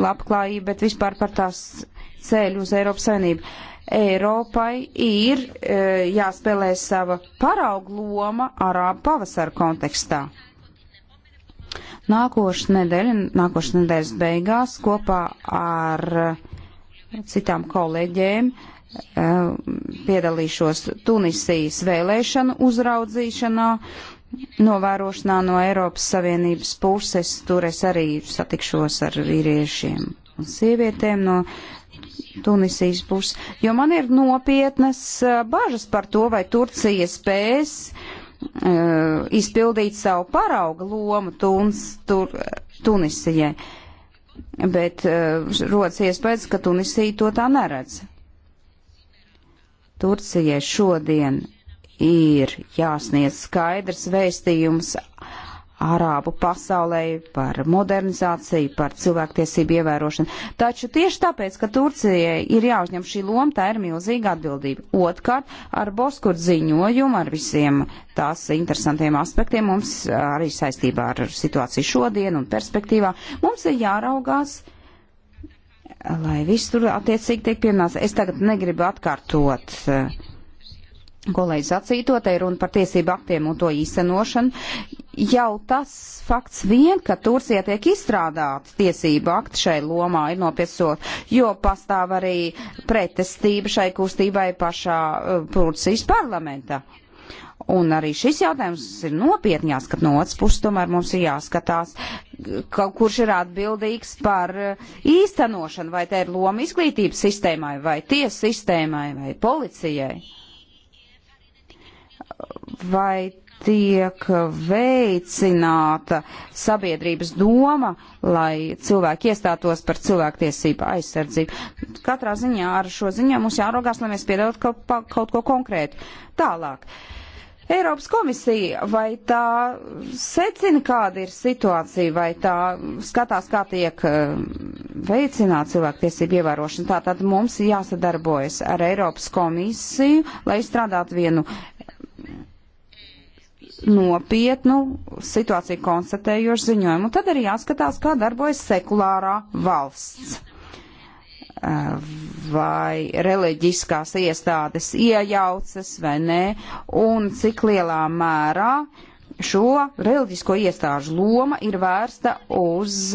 [SPEAKER 4] labklājību, bet vispār par tās ceļu uz Eiropas Savienību. Uh, Eiropai ir e, jāspēlē sava parauga loma arābu pavasara kontekstā. Nākošais nedēļa, nākošais nedēļas beigās kopā ar citām kolēģiem e, piedalīšos Tunisijas vēlēšanu uzraudzīšanā, novērošanā no Eiropas Savienības puses. Tur es arī satikšos ar vīriešiem un sievietēm no Tunisijas puses, jo man ir nopietnas eh, bažas par to, vai Turcija spēs uh, izpildīt savu parauga lomu Tuns, tur, Tunisijai. Bet uh, rodas iespējas, ka Tunisija to tā neredz. Turcijai šodien ir jāsniedz skaidrs vēstījums Arābu pasaulē, par modernizāciju, par cilvēktiesību ievērošanu. Taču tieši tāpēc, ka Turcijai ir jāuzņem šī loma, tā ir milzīga atbildība. Otkārt, ar Boskur ziņojumu, ar visiem tās interesantiem aspektiem mums arī saistībā ar situāciju šodien un perspektīvā mums ir jāraugās, lai viss tur attiecīgi tiek pienāca. Es tagad negribu atkārtot. Uh, ko lai sacīto, te ir runa par tiesību aktiem un to īstenošanu. Jau tas fakts vien, ka Turcija tiek izstrādāti tiesību akti šai lomā ir nopiesot, jo pastāv arī pretestība šai kustībai pašā uh, Turcijas parlamentā. Un arī šis jautājums ir nopietni jāskat no otras puses, tomēr mums ir jāskatās, ka, kurš ir atbildīgs par uh, īstenošanu, vai te ir loma izglītības sistēmai, vai tiesa sistēmai, vai policijai vai tiek veicināta sabiedrības doma, lai cilvēki iestātos par cilvēktiesību aizsardzību. Katrā ziņā ar šo ziņā mums jāraugās, lai mēs piedāvātu kaut, kaut ko konkrētu. Tālāk. Eiropas komisija, vai tā secina, kāda ir situācija, vai tā skatās, kā tiek eh, veicināta cilvēktiesība ievērošana. Tātad mums jāsadarbojas ar Eiropas komisiju, lai izstrādātu vienu nopietnu situāciju konstatējošu ziņojumu. Un tad arī jāskatās, kā darbojas sekulārā valsts. Eh, vai reliģiskās iestādes iejaucas vai nē, un cik lielā mērā šo reliģisko iestāžu loma ir vērsta uz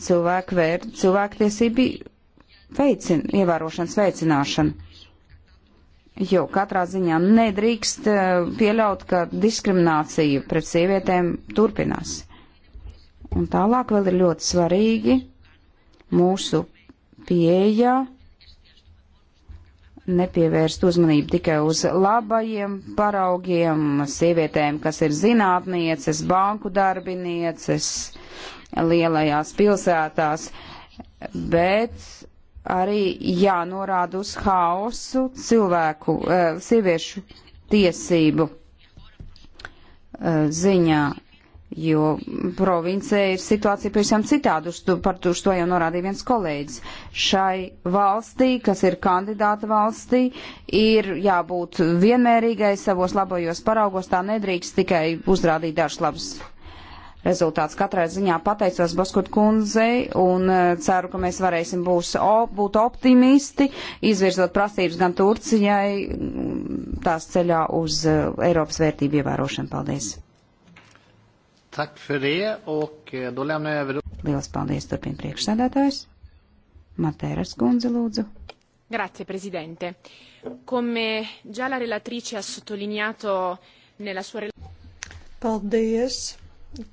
[SPEAKER 4] cilvēku vēr, cilvēktiesību veicin, ievērošanas veicināšanu jo katrā ziņā nedrīkst eh, pieļaut, ka diskriminācija pret sievietēm turpinās. Un tālāk vēl ir ļoti svarīgi mūsu pieeja nepievērst uzmanību tikai uz labajiem paraugiem, sievietēm, kas ir zinātnieces, banku darbinieces, lielajās pilsētās, bet arī jānorāda uz haosu cilvēku, eh, sieviešu tiesību eh, ziņā, jo provincē ir situācija pavisam citāda, uz to, par to, to jau norādīja viens kolēģis. Šai valstī, kas ir kandidāta valstī, ir jābūt vienmērīgai savos labajos paraugos, tā nedrīkst tikai uzrādīt dažs labs rezultāts. Katrā ziņā pateicos Boskut kundzei un e, ceru, ka mēs varēsim būs, būt optimisti, izvirzot prasības gan Turcijai mm, tās ceļā uz e, Eiropas vērtību ievērošanu. Paldies!
[SPEAKER 1] Tak för det och e, då lämnar jag över.
[SPEAKER 4] Lielas paldies, turpina priekšsēdētājs. Matēras kundze,
[SPEAKER 3] lūdzu.
[SPEAKER 2] Grazie, Presidente. Come già la relatrice ha sottolineato nella sua relazione.
[SPEAKER 3] Paldies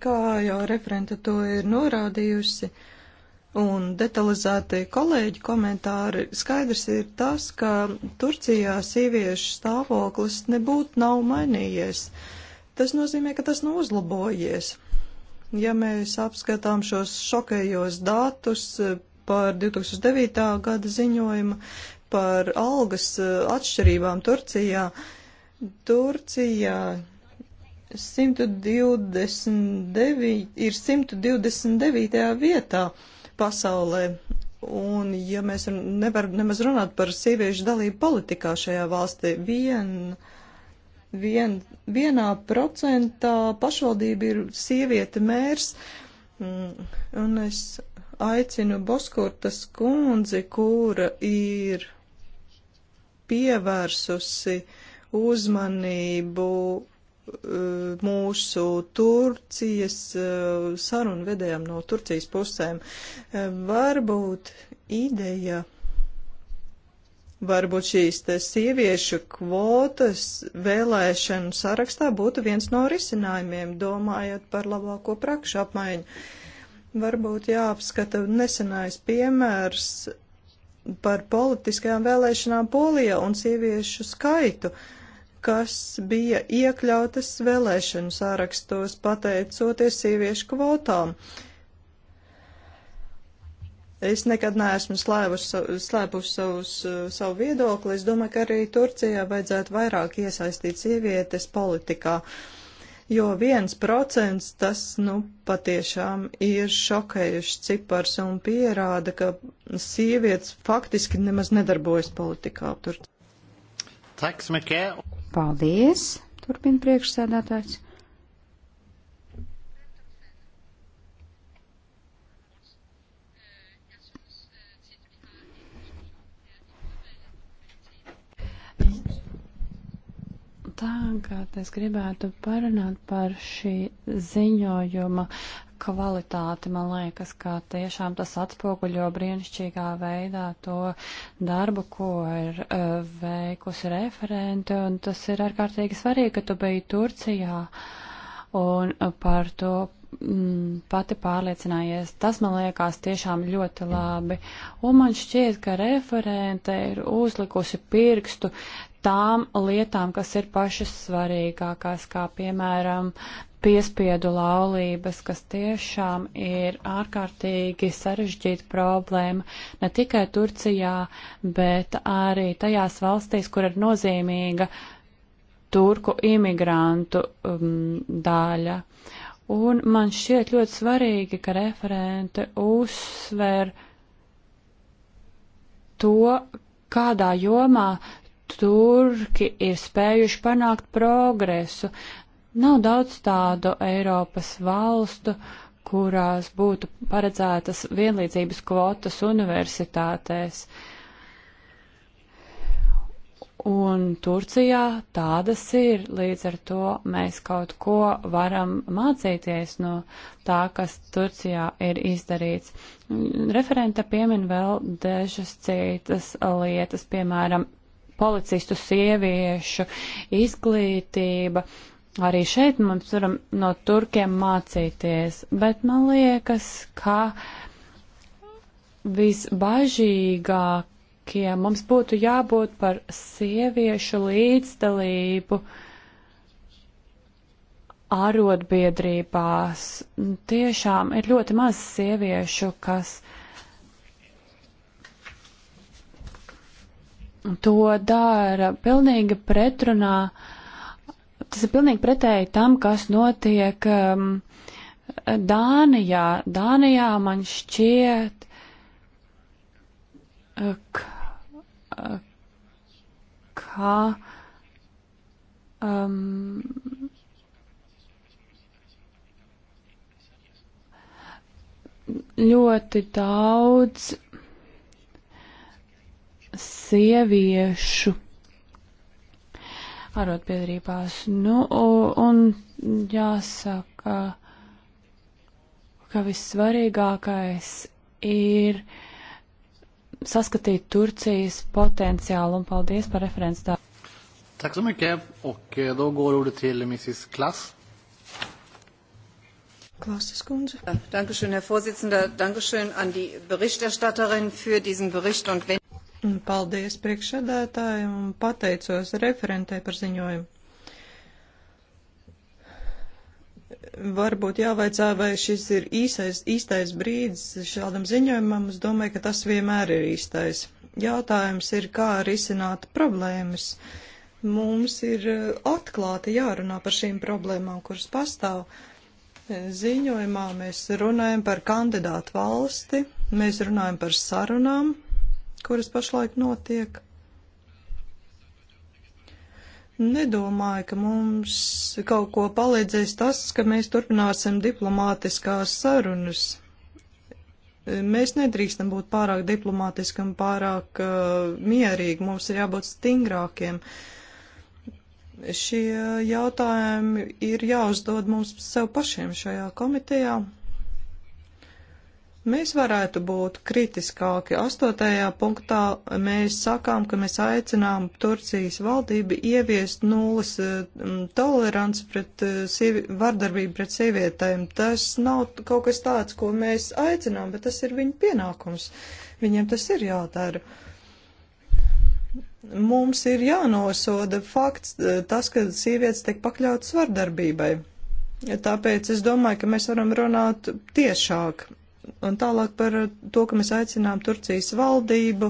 [SPEAKER 3] kā jau referente to ir norādījusi, un detalizēti kolēģi komentāri, skaidrs ir tas, ka Turcijā sieviešu stāvoklis nebūtu nav mainījies. Tas nozīmē, ka tas nav uzlabojies. Ja mēs apskatām šos šokējos datus eh, par 2009. gada ziņojumu par algas eh, atšķirībām Turcijā, Turcijā 129, ir 129. vietā pasaulē. Un, ja mēs nevaram nemaz runāt par sieviešu dalību politikā šajā valstī, vien, vien, vienā procentā pašvaldība ir sieviete mērs. Mm, un es aicinu Boskurtas kundzi, kura ir pievērsusi uzmanību Eh, mūsu Turcijas eh, sarunu vedējām no Turcijas pusēm. Eh, varbūt ideja, varbūt šīs te sieviešu kvotas vēlēšanu sarakstā būtu viens no risinājumiem, domājot par labāko prakšu apmaiņu. Varbūt jāapskata nesenais piemērs par politiskajām vēlēšanām Polijā un sieviešu skaitu. Uh, kas bija iekļautas vēlēšanu sārakstos pateicoties sieviešu kvotām. Es nekad neesmu slēpusi slēpus savus, eh, savu viedokli. Es domāju, ka arī Turcijā vajadzētu vairāk iesaistīt sievietes politikā, jo viens procents tas, nu, patiešām ir šokējušs cipars un pierāda, ka sievietes faktiski nemaz nedarbojas politikā. Tur.
[SPEAKER 1] Tack så mycket.
[SPEAKER 3] Paldies, turpina priekšsēdētājs.
[SPEAKER 2] Tagad es gribētu parunāt par šī ziņojuma kvalitāti. Man liekas, ka tiešām tas atspoguļo brīnišķīgā veidā to darbu, ko ir uh, veikusi referente, un tas ir ārkārtīgi svarīgi, ka tu biji Turcijā un uh, par to mm, pati pārliecinājies. Tas man liekas tiešām ļoti labi. Un man šķiet, ka referente ir uzlikusi pirkstu tām lietām, kas ir pašas svarīgākās, kā piemēram piespiedu laulības, kas tiešām ir ārkārtīgi sarežģīta problēma ne tikai Turcijā, bet arī tajās valstīs, kur ir nozīmīga turku imigrantu um, daļa. Un man šķiet ļoti svarīgi, ka referente uzsver to, kādā jomā turki ir spējuši panākt progresu. Nav daudz tādu Eiropas valstu, kurās būtu paredzētas vienlīdzības kvotas universitātēs. Un Turcijā tādas ir, līdz ar to mēs kaut ko varam mācīties no tā, kas Turcijā ir izdarīts. Referenta piemin vēl dažas citas lietas, piemēram, policistu sieviešu izglītība. Uh, arī šeit mums varam no turkiem mācīties, bet man liekas, ka visbažīgākie mums būtu jābūt par sieviešu līdzdalību arotbiedrībās. Tiešām ir ļoti maz sieviešu, kas to dara pilnīgi pretrunā uh, Tas ir pilnīgi pretēji tam, kas notiek um, Dānijā. Dānijā man šķiet, ka, ka um, ļoti daudz sieviešu arotbiedrībās. Nu, un jāsaka, ka vissvarīgākais ir saskatīt Turcijas potenciālu, un paldies par referents tā.
[SPEAKER 1] Tack så mycket, och eh, då går ordet till Mrs. Klass.
[SPEAKER 3] Dankeschön, Herr Vorsitzender. Dankeschön an die Berichterstatterin für diesen Bericht. Und wenn Paldies priekšsēdētājiem un pateicos referentē par ziņojumu. Varbūt jāvaicā, vai šis ir īsais, īstais brīdis šādam ziņojumam. Es domāju, ka tas vienmēr ir īstais. Jautājums ir, kā risināt problēmas. Mums ir e, atklāti jārunā par šīm problēmām, kuras pastāv. E, ziņojumā mēs runājam par kandidātu valsti, mēs runājam par sarunām, kuras pašlaik notiek. Nedomāju, ka mums kaut ko palīdzēs tas, ka mēs turpināsim diplomātiskās sarunas. Mēs nedrīkstam būt pārāk diplomātiski un pārāk uh, mierīgi, mums ir jābūt stingrākiem. Šie jautājumi ir jāuzdod mums sev pašiem šajā komitejā. Mēs varētu būt kritiskāki. Astotajā punktā mēs sakām, ka mēs aicinām Turcijas valdību ieviest nulles eh, toleranci pret eh, sievi, vardarbību pret sievietēm. Tas nav kaut kas tāds, ko mēs aicinām, bet tas ir viņu pienākums. Viņiem tas ir jādara. Mums ir jānosoda fakts eh, tas, ka sievietes tiek pakļautas vardarbībai. Tāpēc es domāju, ka mēs varam runāt tiešāk un tālāk par to, ka mēs aicinām Turcijas valdību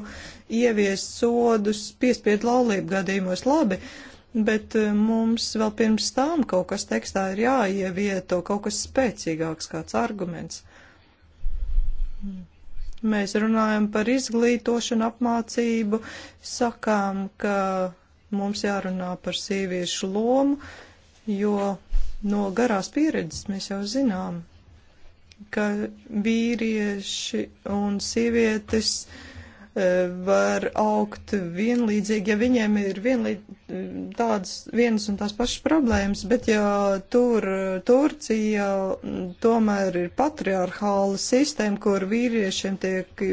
[SPEAKER 3] ieviest sodus piespiedu laulību gadījumos labi, bet eh, mums vēl pirms tām kaut kas tekstā ir jāievieto, kaut kas spēcīgāks kāds arguments. Mēs runājam par izglītošanu, apmācību, sakām, ka mums jārunā par sieviešu lomu, jo no garās pieredzes mēs jau zinām, ka vīrieši un sievietes e, var augt vienlīdzīgi, ja viņiem ir vienlīd, tādas vienas un tās pašas problēmas, bet ja tur Turcija tomēr ir patriarchāla sistēma, kur vīriešiem tiek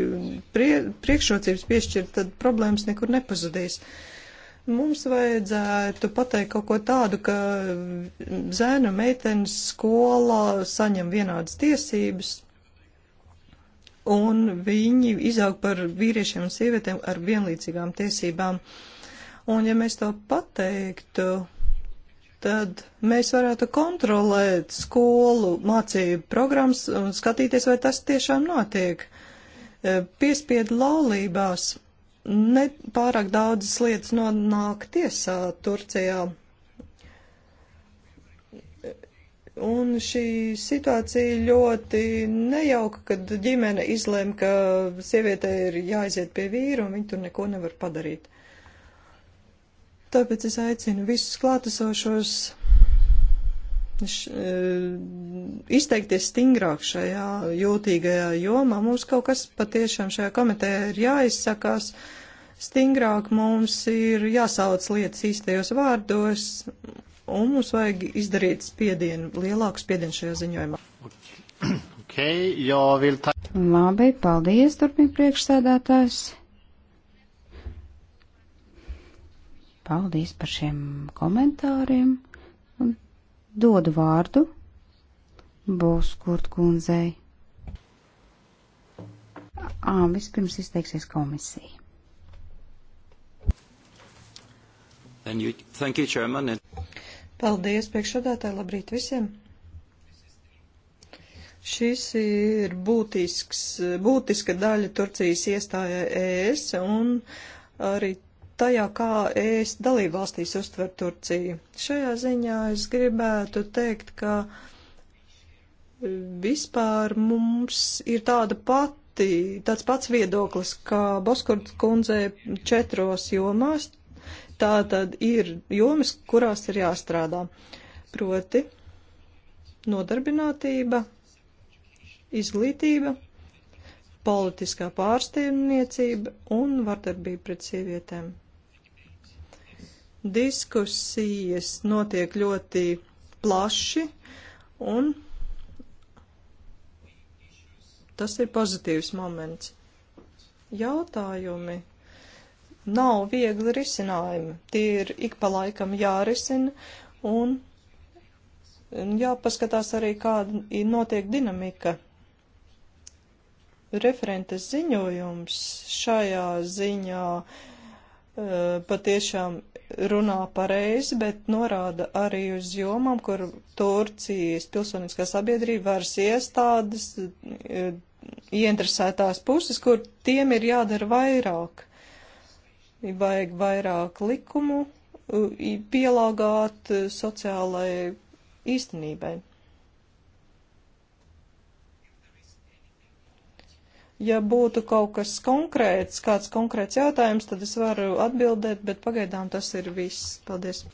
[SPEAKER 3] prie, priekšrocības piešķirt, tad problēmas nekur nepazudīs. Uh, Mums vajadzētu pateikt kaut ko tādu, ka zēna meitenes skolā saņem vienādas tiesības, un viņi izaug par vīriešiem un sievietēm ar vienlīdzīgām tiesībām. Un ja mēs to pateiktu, tad mēs varētu kontrolēt skolu mācību programmas un skatīties, vai tas tiešām notiek. Piespiedu laulībās nepārāk daudzas lietas nonāk tiesā Turcijā. Un šī situācija ļoti nejauka, kad ģimene izlēma, ka sieviete ir jāaiziet pie vīra un viņa tur neko nevar padarīt. Tāpēc es aicinu visus klātesošos š, e, izteikties stingrāk šajā jūtīgajā jomā. Mums kaut kas patiešām šajā komitejā ir jāizsakās stingrāk, mums ir jāsauc lietas īstajos vārdos, un mums vajag izdarīt spiedienu, lielāku spiedienu šajā ziņojumā. Okay.
[SPEAKER 1] Okay, jā, vēl tā.
[SPEAKER 4] Labi, paldies, turpina priekšsēdētājs. Paldies par šiem komentāriem dodu vārdu būs Kurt kundzei. Ā, vispirms izteiksies komisija. You, thank you, Chairman.
[SPEAKER 3] Paldies, priekšsādātāji, labrīt visiem! Šis ir būtisks, būtiska daļa Turcijas iestājai ES un arī tajā, kā es dalību valstīs uztver Turciju. Šajā ziņā es gribētu teikt, ka vispār mums ir tāda pati, tāds pats viedoklis, kā Boskurts kundze četros jomās. Tā tad ir jomas, kurās ir jāstrādā. Proti, nodarbinātība, izglītība, politiskā pārstāvniecība un vardarbība pret sievietēm. Diskusijas notiek ļoti plaši un tas ir pozitīvs moments. Jautājumi nav viegli risinājumi. Tie ir ik pa laikam jārisina un jāpaskatās arī, kāda notiek dinamika. Referentes ziņojums šajā ziņā eh, patiešām runā pareizi, bet norāda arī uz jomām, kur Turcijas pilsoniskā sabiedrība varas iestādes, e, ieinteresētās puses, kur tiem ir jādara vairāk. Vajag vairāk likumu e, pielāgāt e, sociālajai īstenībai. Ja būtu kaut kas konkrēts, kāds konkrēts jautājums, tad es varu atbildēt, bet pagaidām tas ir viss. Paldies!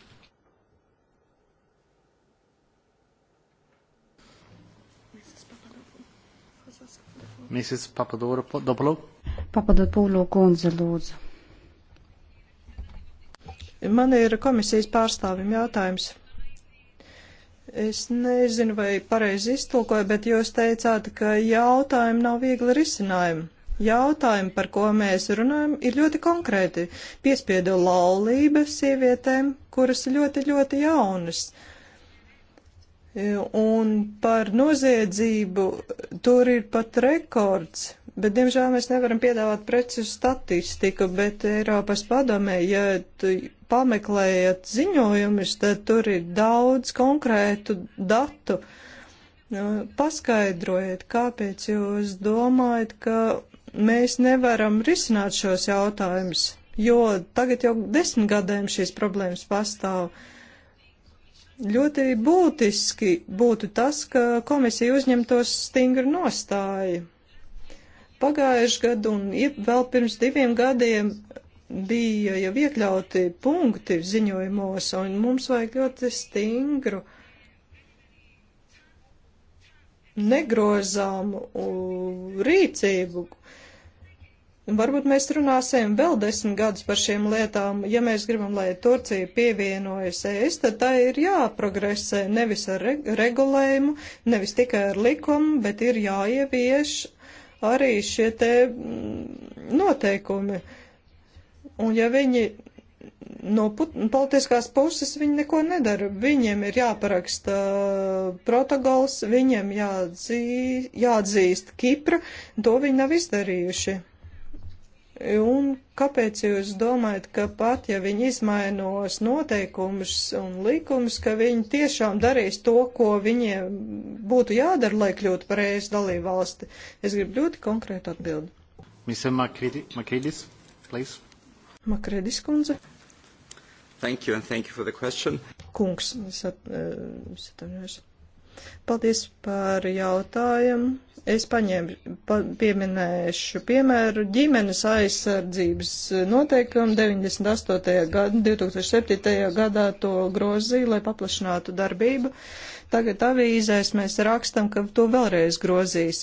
[SPEAKER 1] Mrs. Papadopoulou.
[SPEAKER 3] Papadopoulou kundze, lūdzu. Man ir komisijas pārstāvim jautājums. Es nezinu, vai pareizi iztulkoju, bet jūs teicāt, ka jautājumi nav viegli risinājumi. Jautājumi, par ko mēs runājam, ir ļoti konkrēti. Piespiedu laulība sievietēm, kuras ir ļoti, ļoti jaunas. Un par noziedzību tur ir pat rekords Bet, diemžēl, mēs nevaram piedāvāt precizu statistiku, bet Eiropas padomē, ja pameklējat ziņojumus, tad tur ir daudz konkrētu datu. Nu, paskaidrojiet, kāpēc jūs domājat, ka mēs nevaram risināt šos jautājumus, jo tagad jau desmit gadiem šīs problēmas pastāv. Ļoti būtiski būtu tas, ka komisija uzņemtos stingru nostāju Pagājuši gadu un vēl pirms diviem gadiem bija jau iekļauti punkti ziņojumos, un mums vajag ļoti stingru, negrozāmu rīcību. Varbūt mēs runāsim vēl desmit gadus par šiem lietām. Ja mēs gribam, lai Turcija pievienojas ES, tad tā ir jāprogresē nevis ar re regulējumu, nevis tikai ar likumu, bet ir jāievieš arī šie te mm, noteikumi. Un ja viņi no politiskās puses viņi neko nedara. Viņiem ir jāparaksta protokols, viņiem jāatzī, jāatzīst Kipra, to viņi nav izdarījuši. Un kāpēc jūs domājat, ka pat ja viņi izmainos noteikumus un likumus, ka viņi tiešām darīs to, ko viņiem būtu jādara, lai kļūtu par ES dalību valsti? Es gribu ļoti konkrētu atbildi.
[SPEAKER 1] Mr. Makridis,
[SPEAKER 3] please. Makridis kundze. Thank you and thank you for the question. Kungs, es eh, atvainojos. At, uh, Paldies par jautājumu. Es paņēmu, pa, pieminēšu piemēru ģimenes aizsardzības noteikumu 98. gada, 2007. gadā to grozīja, lai paplašinātu darbību. Tagad avīzēs mēs rakstam, ka to vēlreiz grozīs.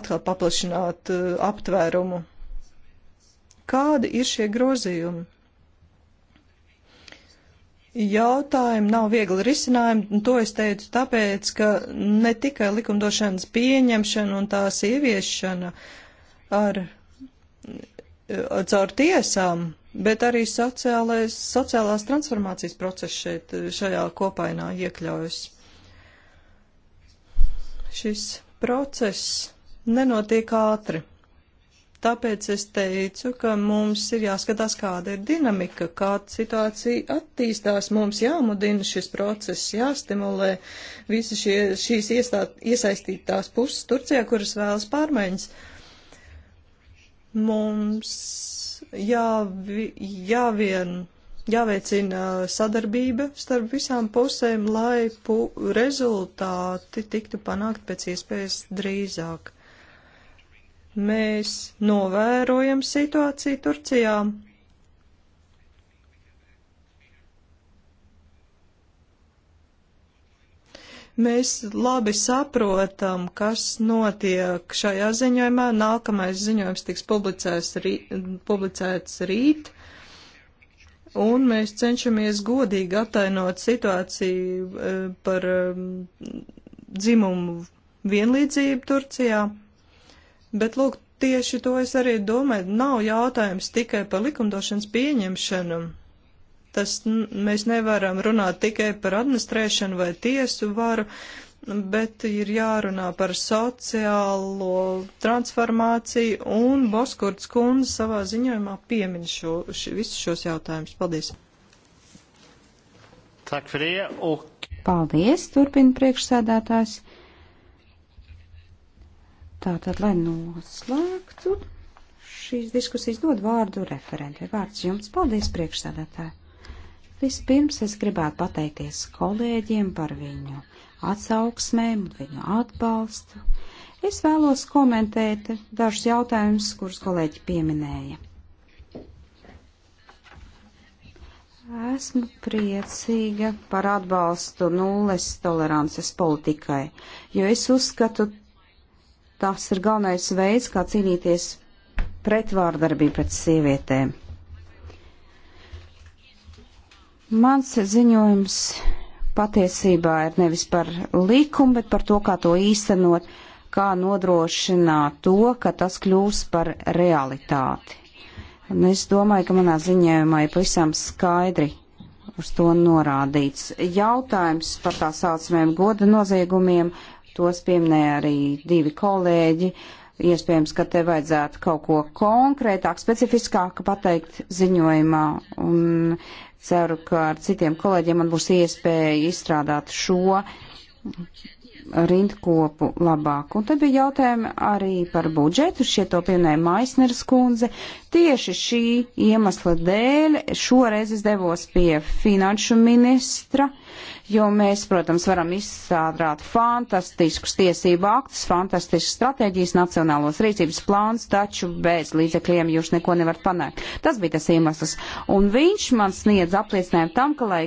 [SPEAKER 3] Atkal paplašināt uh, aptvērumu. Kādi ir šie grozījumi? Jautājumi nav viegli risinājumi, un to es teicu tāpēc, ka ne tikai likumdošanas pieņemšana un tās ieviešana ar, caur tiesām, bet arī sociālais, sociālās transformācijas process šeit šajā kopainā iekļaujas. Šis process nenotiek ātri Tāpēc es teicu, ka mums ir jāskatās, kāda ir dinamika, kāda situācija attīstās. Mums jāmudina šis process, jāstimulē visi šie, šīs iestāt, iesaistītās puses Turcijā, kuras vēlas pārmaiņas. Mums jā, jāvien, jāveicina sadarbība starp visām pusēm, lai pu rezultāti tiktu panākt pēc iespējas drīzāk mēs novērojam situāciju Turcijā. Mēs labi saprotam, kas notiek šajā ziņojumā. Nākamais ziņojums tiks publicēts rīt, publicēts rīt un mēs cenšamies godīgi attainot situāciju eh, par eh, dzimumu vienlīdzību Turcijā. Bet, lūk, tieši to es arī domāju. Nav jautājums tikai par likumdošanas pieņemšanu. Tas mēs nevaram runāt tikai par administrēšanu vai tiesu varu, bet ir jārunā par sociālo transformāciju, un Boskurts kundze savā ziņojumā piemin šo, š, visus šos jautājumus. Paldies! Paldies, turpina
[SPEAKER 4] priekšsēdētājs. Tātad, lai noslēgtu šīs diskusijas, dod vārdu referentei. Vārds jums. Paldies, priekšsēdētāji. Vispirms es gribētu pateikties kolēģiem par viņu atsauksmēm, viņu atbalstu. Es vēlos komentēt dažus jautājumus, kurus kolēģi pieminēja. Esmu priecīga par atbalstu nulles tolerances politikai, jo es uzskatu tas ir galvenais veids, kā cīnīties pret vārdarbību pret sievietēm. Mans ziņojums patiesībā ir nevis par likumu, bet par to, kā to īstenot, kā nodrošināt to, ka tas kļūs par realitāti. Un es domāju, ka manā ziņojumā ir pavisam skaidri uz to norādīts. Jautājums par tā saucamajiem goda noziegumiem tos pieminēja arī divi kolēģi. Iespējams, ka te vajadzētu kaut ko konkrētāk, specifiskāk pateikt ziņojumā, un ceru, ka ar citiem kolēģiem man būs iespēja izstrādāt šo rindkopu labāk. Un te bija jautājumi arī par budžetu, šie to pieminēja Maisneras kundze. Tieši šī iemesla dēļ šoreiz es devos pie finanšu ministra, jo mēs, protams, varam izstrādāt fantastiskus tiesību aktus, fantastiskas stratēģijas, nacionālos rīcības plāns, taču bez līdzekļiem jūs neko nevarat panākt. Tas bija tas iemesls. Un viņš man sniedz apliecinājumu tam, ka lai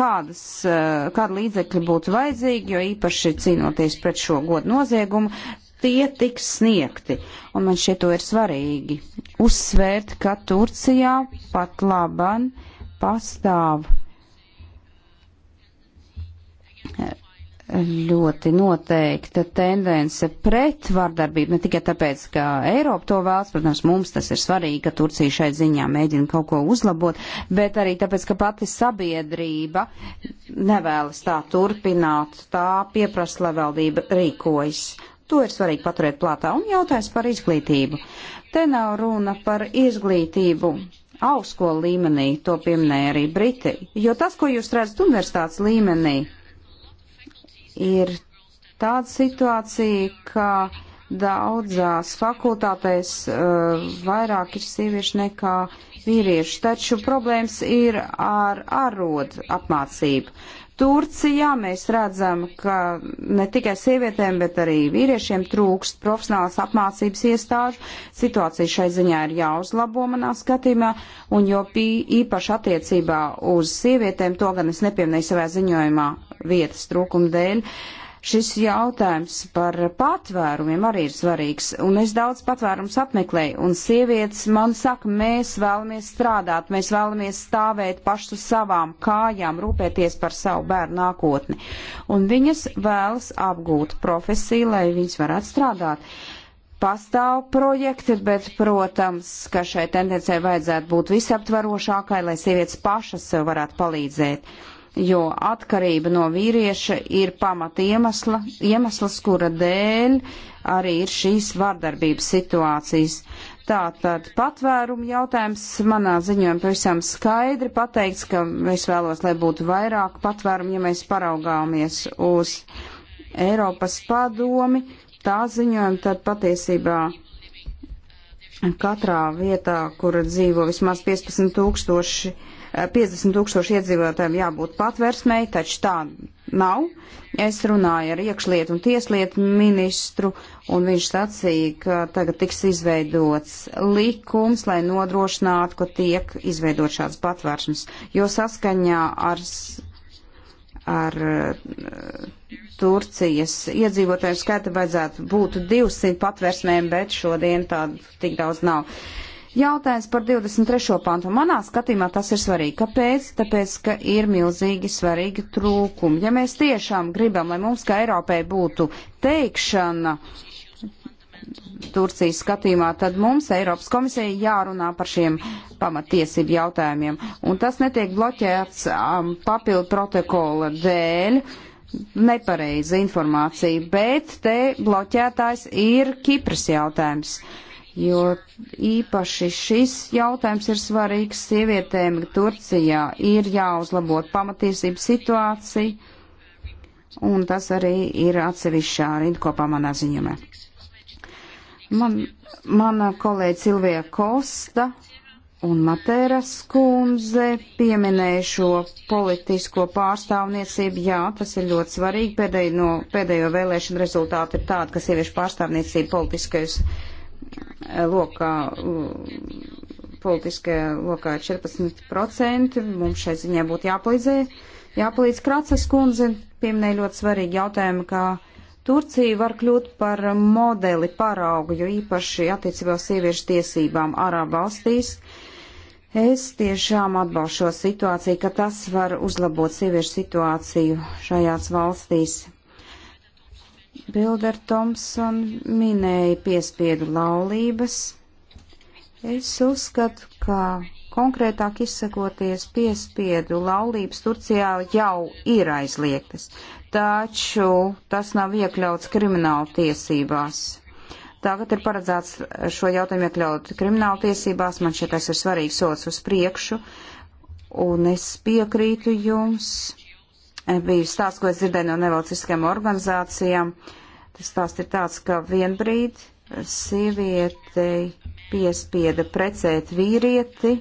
[SPEAKER 4] kādas, eh, kāda līdzekļa būtu vajadzīgi, jo īpaši cīnoties pret šo godu noziegumu, tie tiks sniegti. Un man šie to ir svarīgi. Uzsvērt, ka Turcijā pat laban pastāv eh, ļoti noteikta tendence pret vardarbību, ne tikai tāpēc, ka Eiropa to vēlas, protams, mums tas ir svarīgi, ka Turcija šai ziņā mēģina kaut ko uzlabot, bet arī tāpēc, ka pati sabiedrība nevēlas tā turpināt, tā pieprasa, lai valdība rīkojas. To ir svarīgi paturēt plātā. Un jautājums par izglītību. Te nav runa par izglītību augstskolu līmenī, to pieminēja arī Briti. Jo tas, ko jūs redzat universitātes līmenī, ir tāda situācija, ka daudzās fakultātēs uh, vairāk ir sieviešu nekā vīriešu, taču problēmas ir ar arodu apmācību. Turcijā mēs redzam, ka ne tikai sievietēm, bet arī vīriešiem trūkst profesionālas apmācības iestāžu. Situācija šai ziņā ir jāuzlabo manā skatījumā, un jo īpaši attiecībā uz sievietēm, to gan es nepieminēju savā ziņojumā vietas trūkuma dēļ, uh, Šis jautājums par patvērumiem arī ir svarīgs, un es daudz patvērums apmeklēju, un sievietes man saka, mēs vēlamies strādāt, mēs vēlamies stāvēt pašu savām kājām, rūpēties par savu bērnu nākotni, un viņas vēlas apgūt profesiju, lai viņas varētu strādāt pastāv projekti, bet, protams, ka šai tendencē vajadzētu būt visaptvarošākai, lai sievietes pašas sev varētu palīdzēt jo atkarība no vīrieša ir pamata iemesla, iemesls, kura dēļ arī ir šīs vardarbības situācijas. Tātad patvērumu jautājums manā ziņojumā pavisam skaidri pateikts, ka es vēlos, lai būtu vairāk patvērumu, ja mēs paraugāmies uz Eiropas padomi, tā ziņojuma tad patiesībā katrā vietā, kur dzīvo vismaz 15 tūkstoši 000 50 tūkstoši iedzīvotājiem jābūt patversmei, taču tā nav. Es runāju ar iekšlietu un tieslietu ministru, un viņš sacīja, ka tagad tiks izveidots likums, lai nodrošinātu, ka tiek izveidot šāds patvērsmes, jo saskaņā ar, ar uh, Turcijas iedzīvotāju skaita vajadzētu būt 200 patversmēm, bet šodien tādu tik daudz nav. Uh, Jautājums par 23. pantu. Manā skatījumā tas ir svarīgi. Kāpēc? Tāpēc, ka ir milzīgi svarīgi trūkumi. Ja mēs tiešām gribam, lai mums kā Eiropai būtu teikšana Turcijas skatījumā, tad mums Eiropas komisija jārunā par šiem pamatiesību jautājumiem. Un tas netiek bloķēts um, papildu protokola dēļ. Nepareiza informācija, bet te bloķētājs ir Kipras jautājums. Uh, jo īpaši šis jautājums ir svarīgs sievietēm Turcijā. Ir jāuzlabot pamatiesību situāciju, un tas arī ir atsevišķā rindkopā manā ziņumē. Man, mana kolēģa Silvija Kosta un Matēras kundze pieminēja šo politisko pārstāvniecību. Jā, tas ir ļoti svarīgi. Pēdējo, no, pēdējo vēlēšanu rezultāti ir tādi, ka sieviešu pārstāvniecība politiskajos lokā, politiskajā lokā 14%. Mums šai ziņā būtu jāpalīdzē. Jāpalīdz Kracas kundze pieminēja ļoti svarīgi jautājumu, kā Turcija var kļūt par modeli paraugu, jo īpaši attiecībā uz sieviešu tiesībām ārā valstīs. Es tiešām atbalstu šo situāciju, ka tas var uzlabot sieviešu situāciju šajās valstīs. Bilder Thompson minēja piespiedu laulības. Es uzskatu, ka konkrētāk izsakoties piespiedu laulības Turcijā jau ir aizliegtas, taču tas nav iekļauts krimināla tiesībās. Tagad ir paredzēts šo jautājumu iekļaut krimināla tiesībās, man šķiet tas ir svarīgs solis uz priekšu, un es piekrītu jums bija stāsts, ko es dzirdēju no nevalstiskajām organizācijām. Tas stāsts ir tāds, ka vienbrīd sievietei piespieda precēt vīrieti,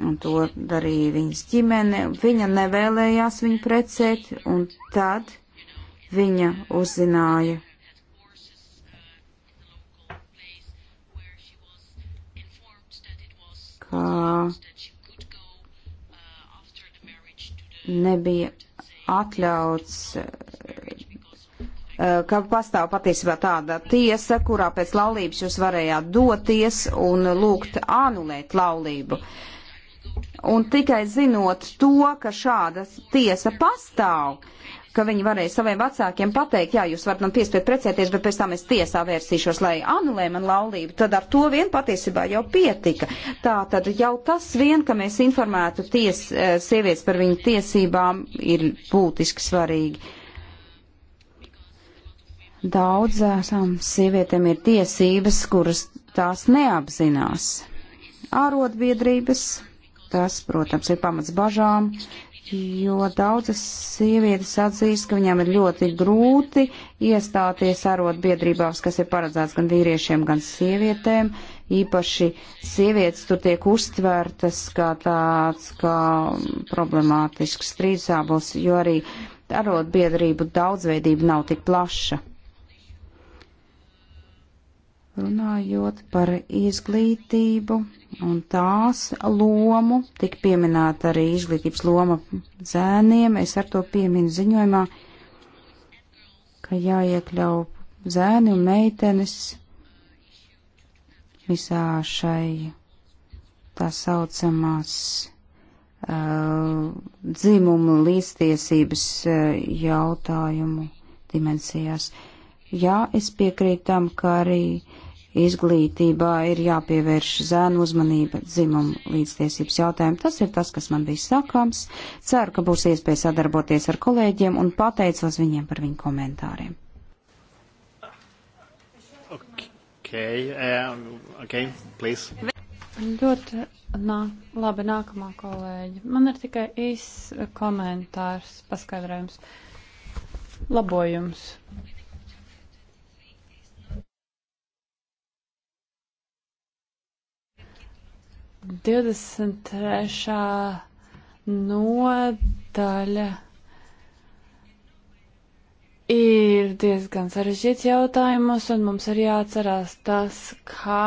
[SPEAKER 4] un to darīja viņas ģimene. Viņa nevēlējās viņu precēt, un tad viņa uzzināja. Kā nebija atļauts eh, ka pastāv patiesībā tāda tiesa, kurā pēc laulības jūs varējāt doties un lūgt anulēt laulību. Un tikai zinot to, ka šāda tiesa pastāv, uh, ka viņi varēja saviem vecākiem pateikt, jā, jūs varat man piespiet precēties, bet pēc tam es tiesā vērsīšos, lai anulē man laulību, tad ar to vien patiesībā jau pietika. Tā tad jau tas vien, ka mēs informētu ties, e, sievietes par viņu tiesībām, ir būtiski svarīgi. Daudzām sievietēm ir tiesības, kuras tās neapzinās. Ārotbiedrības, tas, protams, ir pamats bažām, jo daudzas sievietes atzīst, ka viņām ir ļoti grūti iestāties arotbiedrībās, kas ir paredzēts gan vīriešiem, gan sievietēm. Īpaši sievietes tur tiek uztvērtas kā tāds, kā problemātisks strīdsābols, jo arī arotbiedrību daudzveidība nav tik plaša. Runājot par izglītību un tās lomu, tik pieminēta arī izglītības loma zēniem, es ar to pieminu ziņojumā, ka jāiekļau zēni un meitenes visā šai tā saucamās uh, dzimumu līdztiesības uh, jautājumu dimensijās. Jā, es piekrītu tam, ka arī uh, izglītībā ir jāpievērš zēnu uzmanība dzimumu līdztiesības jautājumu. Tas ir tas, kas man bija sakāms. Ceru, ka būs iespēja sadarboties ar kolēģiem un pateicos viņiem par viņu komentāriem.
[SPEAKER 1] Okay, um, okay, please.
[SPEAKER 2] Ļoti nā, labi nākamā kolēģi. Man ir tikai īs komentārs, paskaidrojums, labojums. 23. nodaļa ir diezgan sarežģīts jautājums, un mums ir jāatcerās tas, kā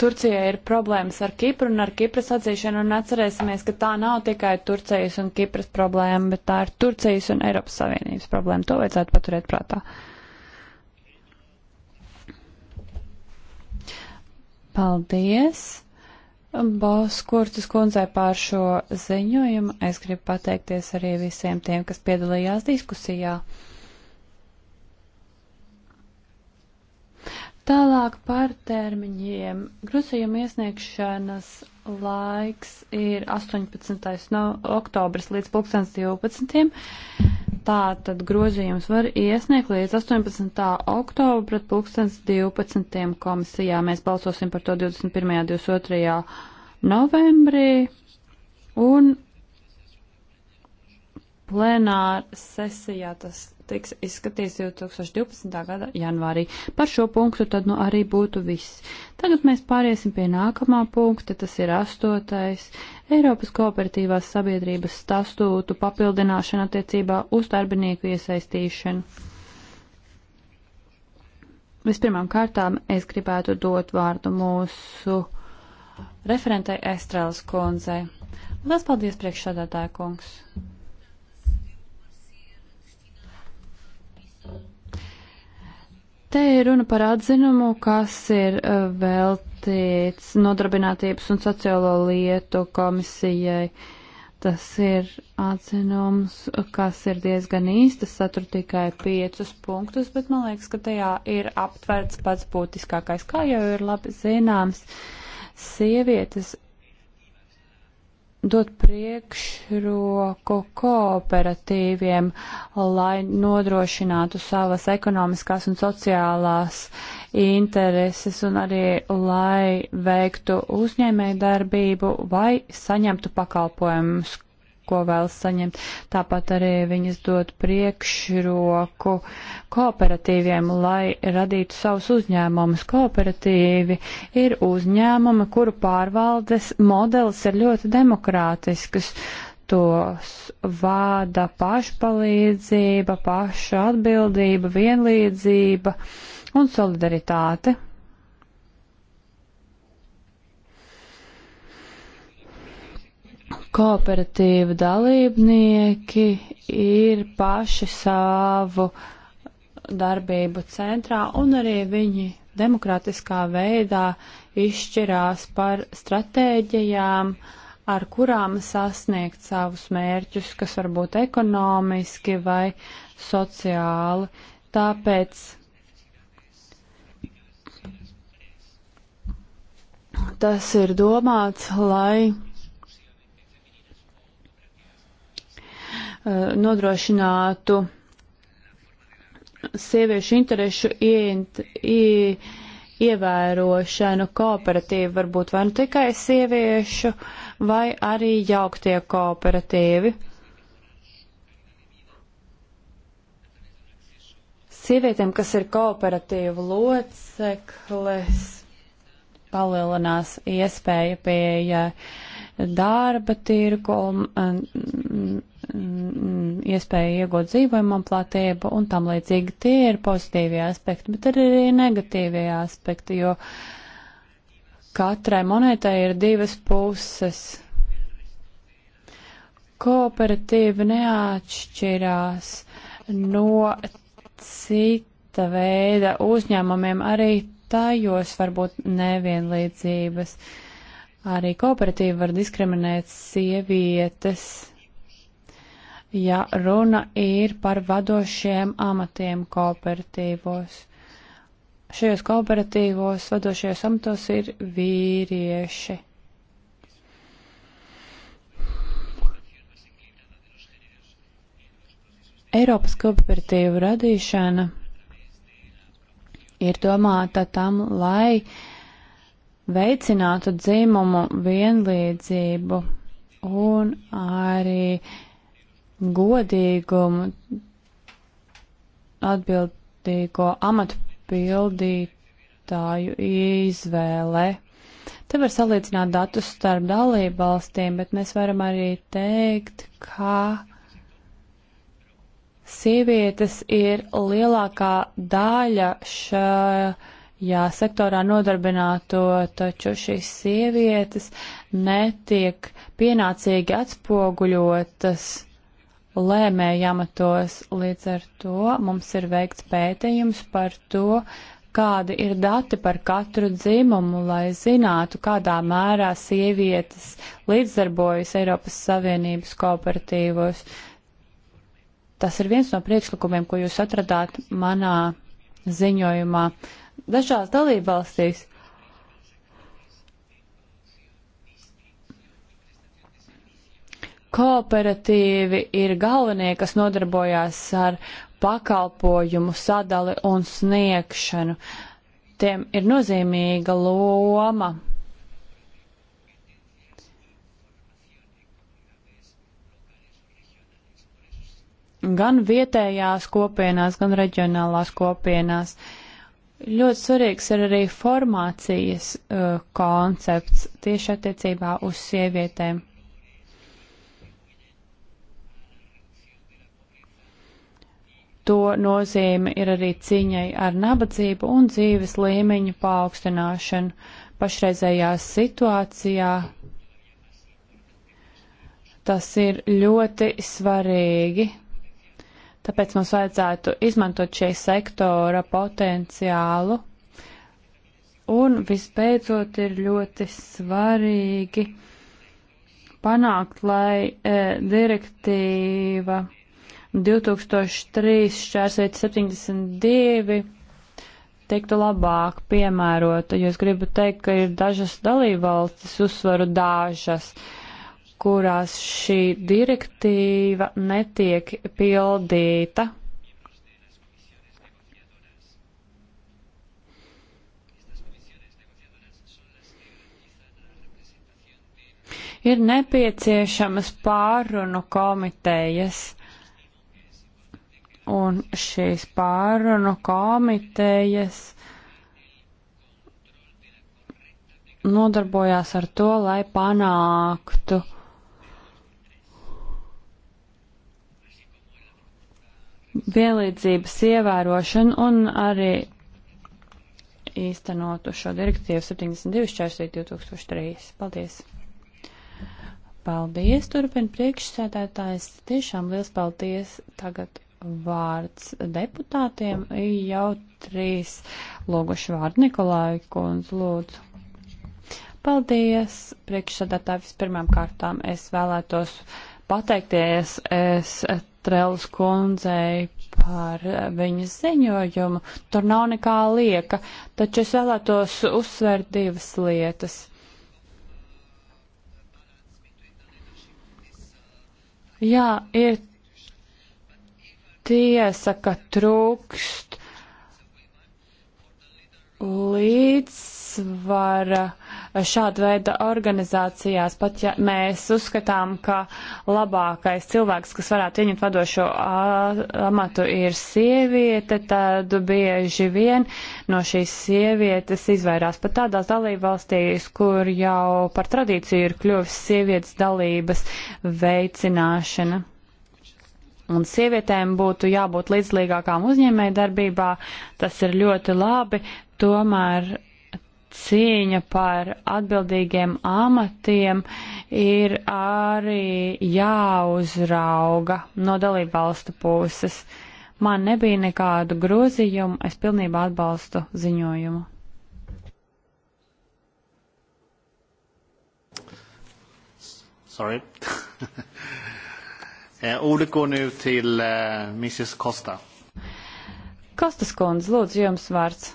[SPEAKER 2] Turcijai ir problēmas ar Kipru un ar Kipras atzīšanu, un atcerēsimies, ka tā nav tikai Turcijas un Kipras problēma, bet tā ir Turcijas un Eiropas Savienības problēma. To vajadzētu paturēt prātā. Uh, Paldies! Boskurtas kundzei pār šo ziņojumu. Es gribu pateikties arī visiem tiem, kas piedalījās diskusijā. Tālāk par termiņiem. Grūzījuma iesniegšanas laiks ir 18. No oktobris līdz 2012. Tā tad grozījums var iesniegt līdz 18. oktobra pret pulkstens 12. komisijā. Mēs balsosim par to 21. un 22. novembrī. Un plenāra sesijā tas tiks izskatīts 2012. gada janvārī. Par šo punktu tad nu arī būtu viss. Tagad mēs pāriesim pie nākamā punkta, tas ir astotais Eiropas kooperatīvās sabiedrības statūtu papildināšana attiecībā uz darbinieku iesaistīšanu. Vispirmām kārtām es gribētu dot vārdu mūsu referentai Estrēlas kundzei. Lielas paldies priekšsādātāja kungs! Te ir runa par atzinumu, kas ir uh, veltīts nodarbinātības un sociālo lietu komisijai. Tas ir atzinums, kas ir diezgan īstas, satur tikai piecus punktus, bet man liekas, ka tajā ir aptverts pats būtiskākais, kā jau ir labi zināms. Sievietes dot priekšroku kooperatīviem, lai nodrošinātu savas ekonomiskās un sociālās intereses un arī lai veiktu uzņēmējdarbību vai saņemtu pakalpojumus, ko vēlas saņemt. Tāpat arī viņas dod priekšroku kooperatīviem, lai radītu savus uzņēmumus. Kooperatīvi ir uzņēmumi, kuru pārvaldes modelis ir ļoti demokrātisks. Tos vāda pašpalīdzība, paša atbildība, vienlīdzība un solidaritāte. kooperatīvu dalībnieki ir paši savu darbību centrā un arī viņi demokrātiskā veidā izšķirās par stratēģijām, ar kurām sasniegt savus mērķus, kas varbūt ekonomiski vai sociāli. Tāpēc tas ir domāts, lai Eh, nodrošinātu sieviešu interesu ieint, ie, ievērošanu kooperatīvi, varbūt vai nu tikai sieviešu, vai arī jauktie kooperatīvi. Sievietēm, kas ir kooperatīvu locekles, palielinās iespēja pie darba tirgu un, eh, un, iespēja iegūt dzīvojumam platību un tam līdzīgi tie ir pozitīvie aspekti, bet arī ir negatīvie aspekti, jo katrai monētai ir divas puses. Kooperatīva neatšķirās no cita veida uzņēmumiem, arī tajos varbūt nevienlīdzības. Arī kooperatīva var diskriminēt sievietes ja runa ir par vadošiem amatiem kooperatīvos. Šajos kooperatīvos vadošajos amatos ir vīrieši. Eiropas kooperatīvu radīšana ir domāta tam, lai veicinātu dzimumu vienlīdzību un arī uh, godīgumu, atbildīgo amatu pildītāju izvēle. Te var salīdzināt datus starp dalību valstīm, bet mēs varam arī teikt, ka sievietes ir lielākā daļa šajā sektorā nodarbināto, taču šīs sievietes netiek pienācīgi atspoguļotas lēmēju amatos. Līdz ar to mums ir veikts pētījums par to, kādi ir dati par katru dzimumu, lai zinātu, kādā mērā sievietes līdzdarbojas Eiropas Savienības kooperatīvos. Tas ir viens no priekšlikumiem, ko jūs atradāt manā ziņojumā. Dažās dalībvalstīs Kooperatīvi ir galvenie, kas nodarbojās ar pakalpojumu sadali un sniegšanu. Tiem ir nozīmīga loma. Gan vietējās kopienās, gan reģionālās kopienās. Ļoti svarīgs ir arī formācijas uh, koncepts tieši attiecībā uz sievietēm. to nozīme ir arī ciņai ar nabadzību un dzīves līmeņu paaugstināšanu. Pašreizējā situācijā tas ir ļoti svarīgi, tāpēc mums vajadzētu izmantot šī sektora potenciālu. Un visbeidzot ir ļoti svarīgi panākt, lai e, direktīva 2003 šķērsveits 72 teiktu labāk piemērota, jo es gribu teikt, ka ir dažas dalībvalstis, uzsvaru dažas, kurās šī direktīva netiek pildīta. Ir nepieciešamas pārunu komitejas un šīs pārunu komitejas nodarbojās ar to, lai panāktu vienlīdzības ievērošanu un arī īstenotu šo direktīvu 72.4.2003. Paldies! Paldies, turpina priekšsēdētājs. Tiešām liels paldies tagad vārds deputātiem. Jau trīs logoši vārdu Nikolai Kunz lūdzu. Paldies, priekšsadatāji vispirmām kārtām. Es vēlētos pateikties es Trelus kundzei par viņas ziņojumu. Tur nav nekā lieka, taču es vēlētos uzsvērt divas lietas. Jā, ir tiesa, ka trūkst līdzsvara šāda veida organizācijās, pat ja mēs uzskatām, ka labākais cilvēks, kas varētu ieņemt vadošo amatu, ir sieviete, tad bieži vien no šīs sievietes izvairās pat tādās dalībvalstīs, kur jau par tradīciju ir kļuvis sievietes dalības veicināšana un sievietēm būtu jābūt līdzlīgākām uzņēmēju darbībā, tas ir ļoti labi, tomēr cīņa par atbildīgiem amatiem ir arī jāuzrauga no dalību valstu puses. Man nebija nekādu grozījumu, es pilnībā atbalstu ziņojumu.
[SPEAKER 1] Sorry. Eh, ordet går nu till eh, Mrs Costa.
[SPEAKER 2] Kostas kundze, lūdzu, jums vārds.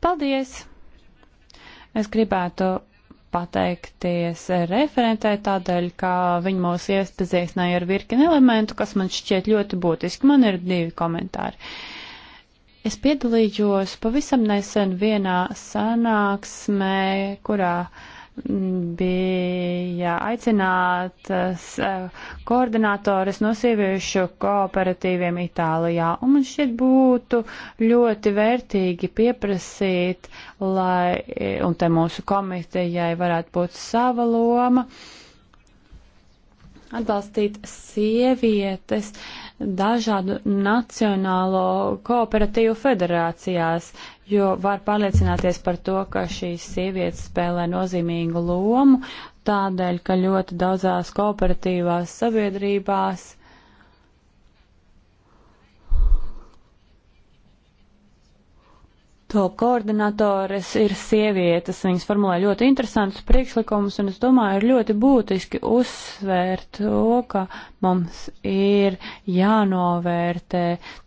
[SPEAKER 2] Paldies! Es gribētu pateikties referentē tādēļ, ka viņi mūs iepazīstināja ar virkni elementu, kas man šķiet ļoti būtiski. Man ir divi komentāri. Es piedalījos pavisam nesen vienā sanāksmē, kurā uh, bija aicinātas eh, koordinātoras no sieviešu kooperatīviem Itālijā. Un man šķiet būtu ļoti vērtīgi pieprasīt, lai, eh, un te mūsu komitejai varētu būt sava loma, atbalstīt sievietes dažādu nacionālo kooperatīvu federācijās. Uh, jo var pārliecināties par to, ka šīs sievietes spēlē nozīmīgu lomu, tādēļ, ka ļoti daudzās kooperatīvās sabiedrībās to koordinatoras ir sievietes. Viņas formulē ļoti interesantus priekšlikumus, un es domāju, ir ļoti būtiski uzsvērt to, ka mums ir jānovērtē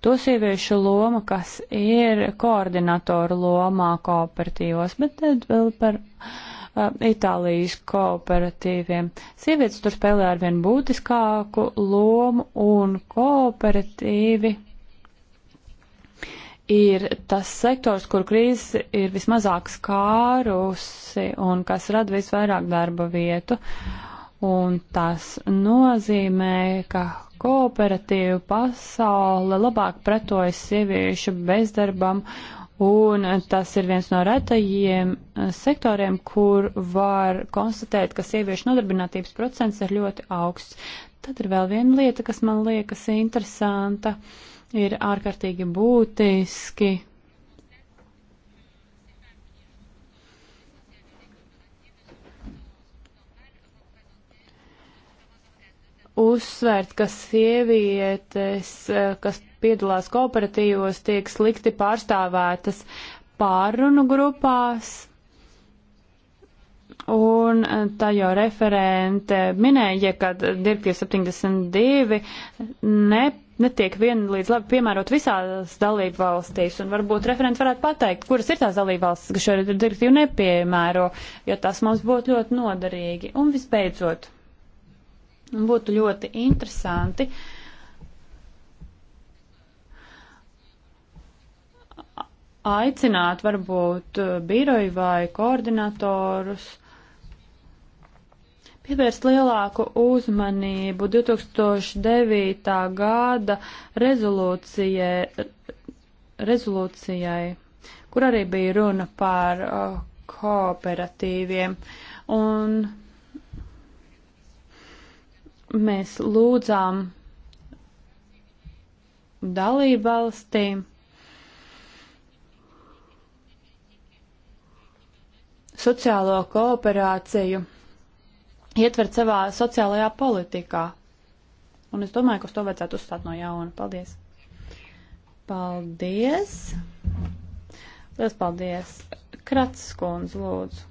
[SPEAKER 2] to sieviešu loma, kas ir koordinatoru lomā kooperatīvos, bet tad vēl par uh, Itālijas kooperatīviem. Sievietes tur spēlē arvien būtiskāku lomu un kooperatīvi ir tas sektors, kur krīze ir vismazāk skārusi un kas rada visvairāk darba vietu. Un tas nozīmē, ka kooperatīva pasaule labāk pretojas sieviešu bezdarbam, un tas ir viens no retajiem eh, sektoriem, kur var konstatēt, ka sieviešu nodarbinātības procents ir ļoti augsts. Tad ir vēl viena lieta, kas man liekas interesanta. Uh, ir ārkārtīgi būtiski. Uzsvērt, ka sievietes, kas piedalās kooperatīvos, tiek slikti pārstāvētas pārrunu grupās. Un tā jau referente minēja, ka direktīva 72 ne netiek vienlīdz labi piemērot visās dalību valstīs, un varbūt referents varētu pateikt, kuras ir tās dalību valstis, kas šo direktīvu nepiemēro, jo tas mums būtu ļoti noderīgi. Un visbeidzot, būtu ļoti interesanti aicināt varbūt uh, biroju vai koordinatorus, pievērst lielāku uzmanību 2009. gada rezolūcijai, rezolūcijai kur arī bija runa par uh, kooperatīviem. Un mēs lūdzām dalību valstīm sociālo kooperāciju ietvert savā sociālajā politikā. Un es domāju, ka uz to vajadzētu uzstāt no jauna. Paldies! Paldies! Lielas paldies! Kratis kundze, lūdzu!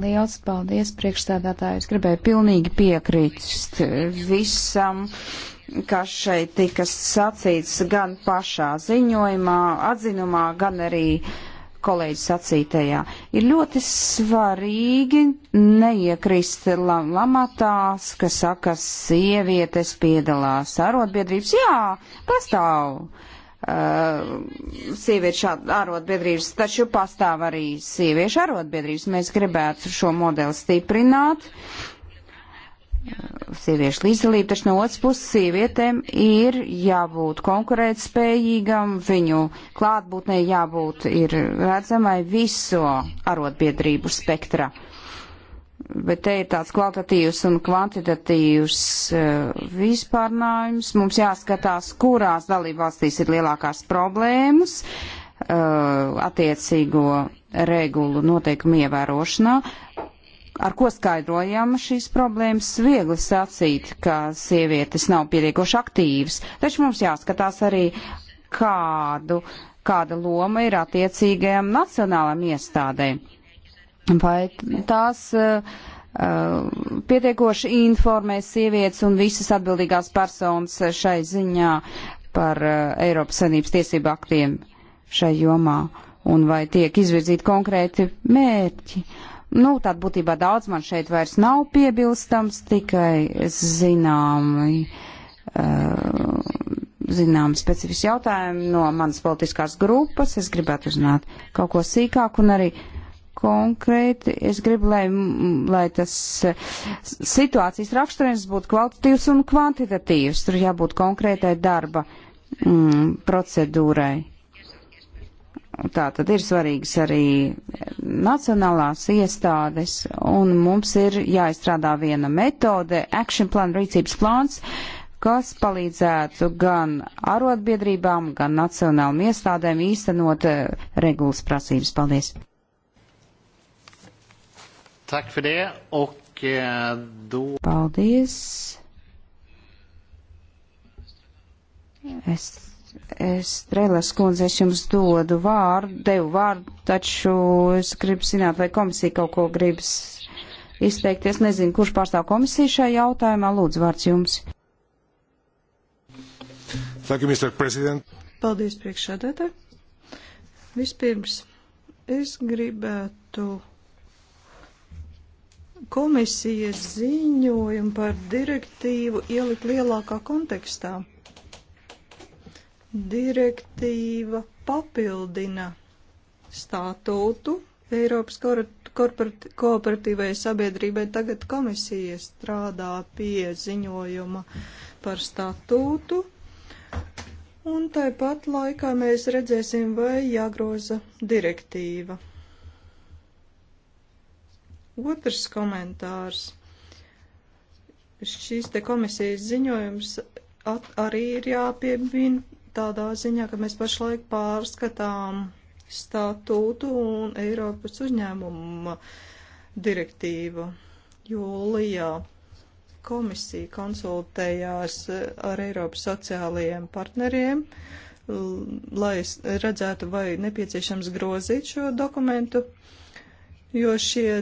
[SPEAKER 4] Liels paldies, priekšstādātāji. Es gribēju pilnīgi piekrīst visam, kas šeit tika sacīts gan pašā ziņojumā, atzinumā, gan arī uh, kolēģi sacītajā. Ir ļoti svarīgi neiekrist lam lamatās, ka saka, sievietes piedalās arotbiedrības. Jā, pastāv. Uh, sieviešu arotbiedrības, taču pastāv arī sieviešu arotbiedrības. Mēs gribētu šo modeli stiprināt. Uh, sieviešu līdzdalību, taču no otras puses sievietēm ir jābūt konkurētspējīgam, viņu klātbūtnē jābūt ir redzamai viso arotbiedrību spektra. Bet te ir tāds kvalitatīvs un kvantitatīvs uh, vispārnājums. Mums jāskatās, kurās dalībvalstīs ir lielākās problēmas uh, attiecīgo regulu noteikumu ievērošanā, ar ko skaidrojam šīs problēmas, viegli sacīt, ka sievietes nav pietiekoši aktīvas, taču mums jāskatās arī, kādu, kāda loma ir attiecīgajām nacionālām iestādēm. Vai tās uh, uh pietiekoši informē sievietes un visas atbildīgās personas šai ziņā par uh, Eiropas Savienības tiesību aktiem šai jomā, un vai tiek izvirzīti konkrēti mērķi. Nu, tad būtībā daudz man šeit vairs nav piebilstams, tikai zināmi, zinām eh, specifisks jautājumi no manas politiskās grupas. Es gribētu uzzināt kaut ko sīkāk un arī konkrēti. Es gribu, lai, lai tas eh, situācijas raksturējums būtu kvalitatīvs un kvantitatīvs. Tur jābūt konkrētai darba mm, procedūrai Tā tad ir svarīgas arī nacionālās iestādes, un mums ir jāizstrādā viena metode, action plan, rīcības plāns, kas palīdzētu gan arotbiedrībām, gan nacionālām iestādēm īstenot eh, regulas prasības. Paldies!
[SPEAKER 1] Tak for det, og eh, da...
[SPEAKER 4] Paldies! Es Es, Trelas kundze, es jums dodu vārdu, devu vārdu, taču es gribu zināt, vai komisija kaut ko gribas izteikt. Es nezinu, kurš pārstāv komisiju šajā jautājumā. Lūdzu, vārds jums.
[SPEAKER 3] Thank you, Mr. President. Paldies, priekšsēdētāji. Vispirms, es gribētu komisijas ziņojumu par direktīvu ielikt lielākā kontekstā. Direktīva papildina statūtu Eiropas kooperatīvai sabiedrībai. Tagad komisija strādā pie ziņojuma par statūtu. Un tāpat laikā mēs redzēsim, vai jāgroza direktīva. Otrs komentārs. Šīs te komisijas ziņojums at, arī ir jāpiemina tādā ziņā, ka mēs pašlaik pārskatām statūtu un Eiropas uzņēmuma direktīvu. Jūlijā komisija konsultējās ar Eiropas sociālajiem partneriem, lai redzētu, vai nepieciešams grozīt šo dokumentu, jo šie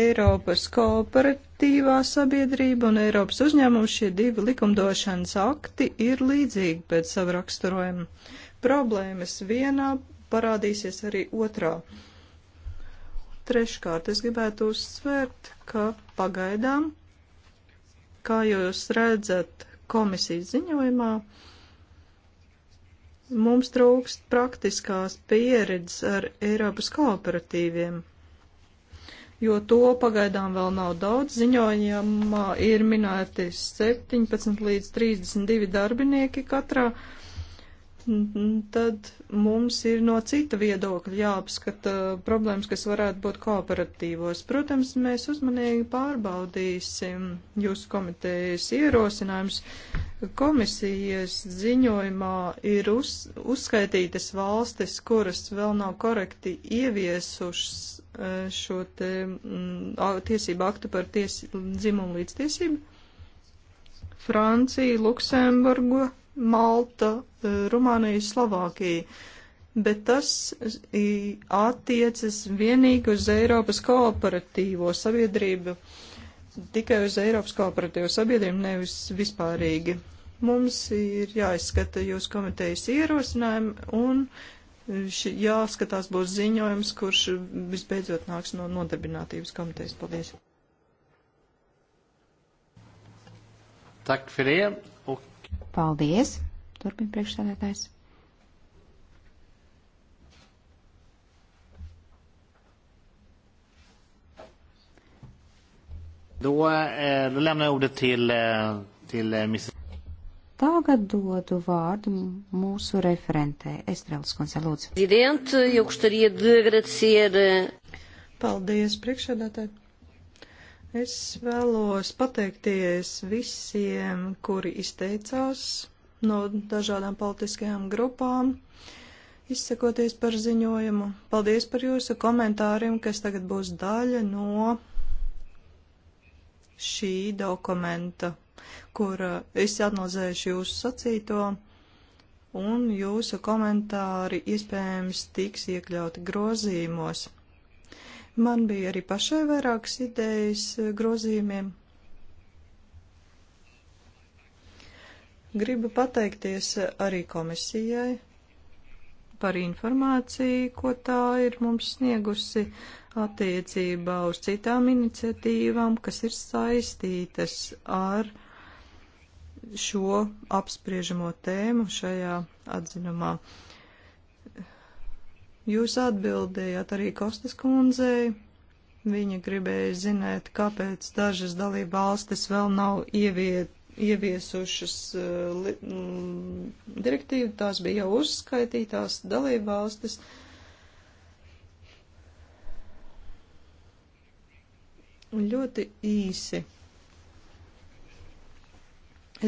[SPEAKER 3] Eiropas kooperat aktīvā sabiedrība un Eiropas uzņēmums šie divi likumdošanas akti ir līdzīgi pēc savu raksturojumu. Problēmas vienā parādīsies arī otrā. Treškārt, es gribētu uzsvērt, ka pagaidām, kā jūs redzat komisijas ziņojumā, mums trūkst praktiskās pieredzes ar Eiropas kooperatīviem jo to pagaidām vēl nav daudz. Ziņojumā ir minēti 17 līdz 32 darbinieki katrā. Uh, tad mums ir no cita viedokļa jāapskata problēmas, kas varētu būt kooperatīvos. Protams, mēs uzmanīgi pārbaudīsim jūsu komitejas ierosinājums. Komisijas ziņojumā ir uz, uzskaitītas valstis, kuras vēl nav korekti ieviesušas e, šo te tiesību aktu par ties, dzimumu līdztiesību. Francija, Luksemburga, Malta, eh, Rumānija, Slovākija, bet tas attiecas vienīgi uz Eiropas kooperatīvo sabiedrību, tikai uz Eiropas kooperatīvo sabiedrību, nevis vispārīgi. Mums ir jāizskata jūs komitejas ierosinājumi un ši, jāskatās būs ziņojums, kurš visbeidzot nāks no nodarbinātības komitejas. Paldies! Tack för det. Paldies, turpina priekšsēdētājs.
[SPEAKER 1] Då, eh, då lämnar jag ordet till, eh, till eh, Mrs.
[SPEAKER 4] Tagad dodu vārdu mūsu referentē Estrēlas kundze, lūdzu.
[SPEAKER 3] Eh, Paldies, priekšsēdētāji. Es vēlos pateikties visiem, kuri izteicās no dažādām politiskajām grupām, izsakoties par ziņojumu. Paldies par jūsu komentāriem, kas tagad būs daļa no šī dokumenta, kur eh, es analizēšu jūsu sacīto, un jūsu komentāri iespējams tiks iekļauti grozīmos. Man bija arī pašai vairākas idejas eh, grozījumiem. Gribu pateikties eh, arī komisijai par informāciju, ko tā ir mums sniegusi attiecībā uz citām iniciatīvām, kas ir saistītas ar šo apspriežamo tēmu šajā atzinumā. Uh, Jūs atbildējāt arī Kostas kundzei. Viņa gribēja zināt, kāpēc dažas dalība valstis vēl nav ieviet, ieviesušas uh, li, m, mm, direktīvu. Tās bija jau uzskaitītās dalība valstis. Ļoti īsi.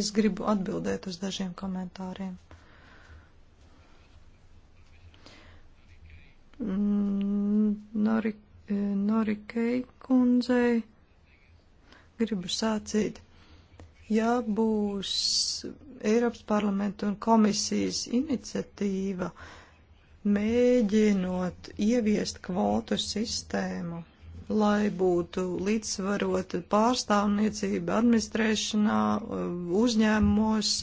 [SPEAKER 3] Es gribu atbildēt uz dažiem komentāriem. Mm, Nori, eh, Norikei kundzei gribu sācīt. Ja būs Eiropas parlamenta un komisijas iniciatīva mēģinot ieviest kvotu sistēmu, lai būtu līdzsvarota pārstāvniecība administrēšanā, eh, uzņēmumos,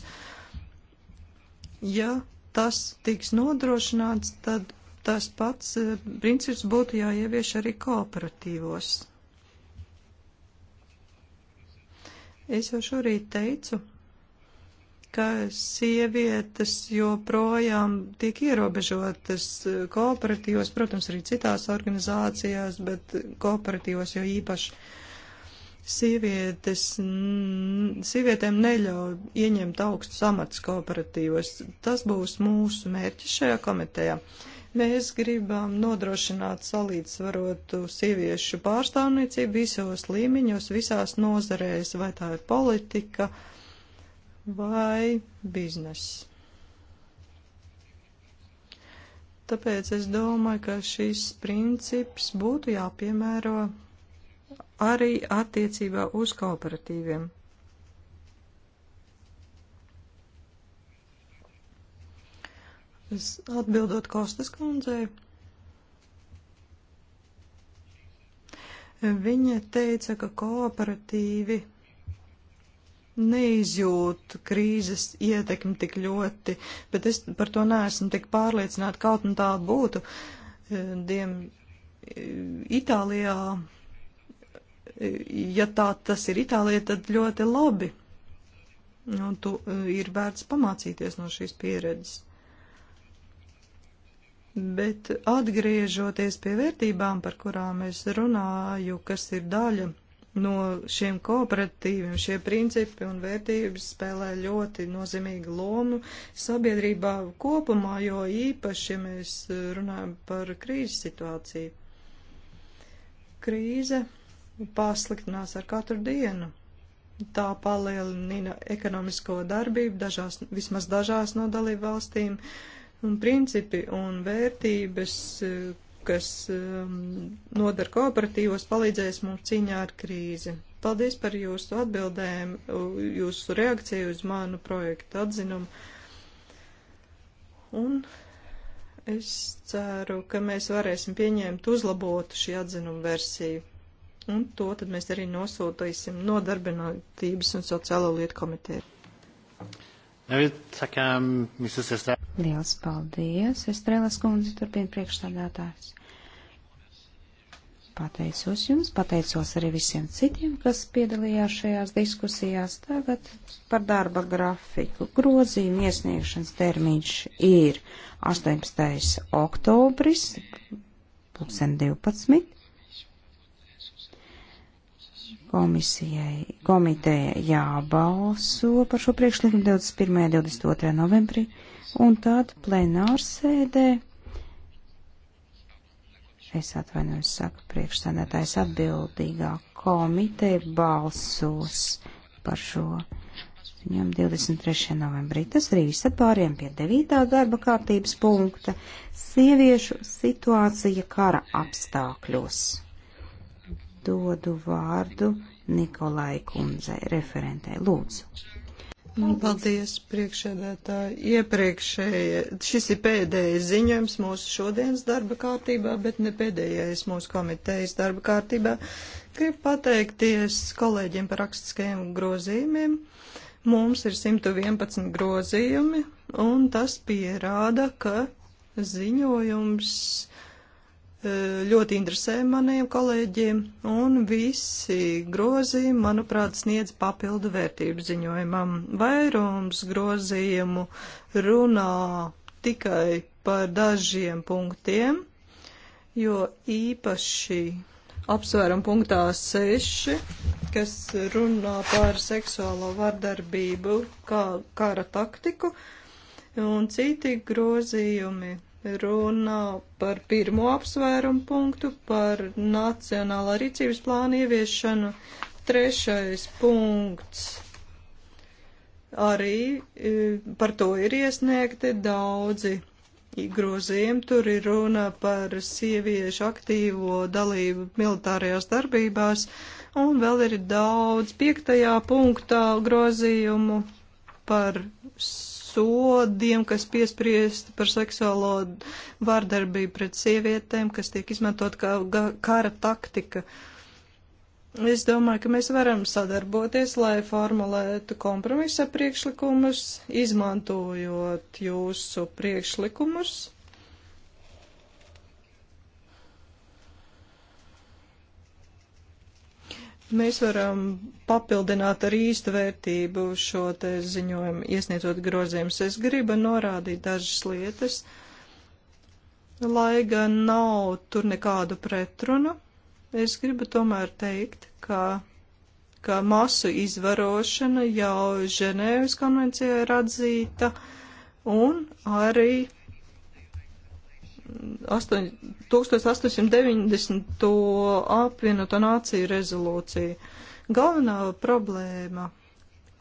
[SPEAKER 3] ja tas tiks nodrošināts, tad tas pats eh, princips būtu jāievieš arī kooperatīvos. Es jau šorīt teicu, ka sievietes joprojām tiek ierobežotas eh, kooperatīvos, protams, arī citās organizācijās, bet kooperatīvos jau īpaši sievietes, sievietēm neļauj ieņemt augstus amats kooperatīvos. Tas būs mūsu mērķis šajā komitejā. Uh, Mēs gribam nodrošināt salīdzvarotu sieviešu pārstāvniecību visos līmeņos, visās nozarēs, vai tā ir politika vai bizness. Tāpēc es domāju, ka šis princips būtu jāpiemēro arī attiecībā uz kooperatīviem. Es atbildot Kostas kundzei. Viņa teica, ka kooperatīvi neizjūt krīzes ietekmi tik ļoti, bet es par to neesmu tik pārliecināta, kaut un tā būtu. Diem Itālijā, ja tā tas ir Itālija, tad ļoti labi. Un tu e, ir vērts pamācīties no šīs pieredzes. Bet atgriežoties pie vērtībām, par kurām es runāju, kas ir daļa no šiem kooperatīviem, šie principi un vērtības spēlē ļoti nozīmīgu lomu sabiedrībā kopumā, jo īpaši, ja mēs runājam par krīzes situāciju. Krīze pasliktinās ar katru dienu. Tā palielina ekonomisko darbību dažās, vismaz dažās no dalību valstīm. Uh, un principi un vērtības, eh, kas ehm, nodara kooperatīvos, palīdzēs mums cīņā ar krīzi. Paldies par jūsu atbildēm, jūsu reakciju uz manu projektu atzinumu. Un es ceru, ka mēs varēsim pieņemt uzlabotu šī atzinuma versiju. Un to tad mēs arī nosūtīsim nodarbinātības un sociālo lietu komiteju.
[SPEAKER 1] Liels
[SPEAKER 4] paldies, Estrelas kundze, turpina priekšstādātājs. Pateicos jums, pateicos arī visiem citiem, kas piedalījās šajās diskusijās. Tagad par darba grafiku. Grozījuma iesniegšanas termiņš ir 18. oktobris, 2012. Komisijai, komiteja jābalso par šo priekšlikumu 21. un 22. novembrī, un tad plenārsēdē Es atvainojos, saka priekšsēdētājs atbildīgā komiteja balsos par šo viņam 23. novembrī. Tas arī viss pāriem pie 9. darba kārtības punkta - sieviešu situācija kara apstākļos dodu vārdu Nikolai kundzei,
[SPEAKER 3] referentei. Lūdzu. Nu, paldies, priekšēdētāji. Iepriekšējie, šis ir pēdējais ziņojums mūsu šodienas darba kārtībā, bet ne pēdējais mūsu komitejas darba kārtībā. Gribu pateikties kolēģiem par rakstiskajiem grozījumiem. Mums ir 111 grozījumi, un tas pierāda, ka ziņojums Eh, ļoti interesē maniem kolēģiem, un visi grozījumi, manuprāt, sniedz papildu vērtību ziņojumam. Vairums grozījumu runā tikai par dažiem punktiem, jo īpaši apsvērumu punktā 6, kas runā par seksuālo vardarbību kā kara taktiku, un citi grozījumi runā par pirmo apsvērumu punktu, par nacionālā rīcības plāna ieviešanu. Trešais punkts arī e, par to ir iesniegti daudzi grozījumi. Tur ir runa par sieviešu aktīvo dalību militārajās darbībās, un vēl ir daudz piektajā punktā grozījumu par sodiem, kas piespriesti par seksuālo vārdarbību pret sievietēm, kas tiek izmantot kā kara taktika. Es domāju, ka mēs varam sadarboties, lai formulētu kompromisa priekšlikumus, izmantojot jūsu priekšlikumus Mēs varam papildināt ar īstu vērtību šo te ziņojumu, iesniedzot grozījumus. Es gribu norādīt dažas lietas, lai gan nav tur nekādu pretrunu. Es gribu tomēr teikt, ka, ka masu izvarošana jau Ženēvas konvencijā ir atzīta un arī 1890. apvienoto nāciju rezolūciju. Galvenā problēma,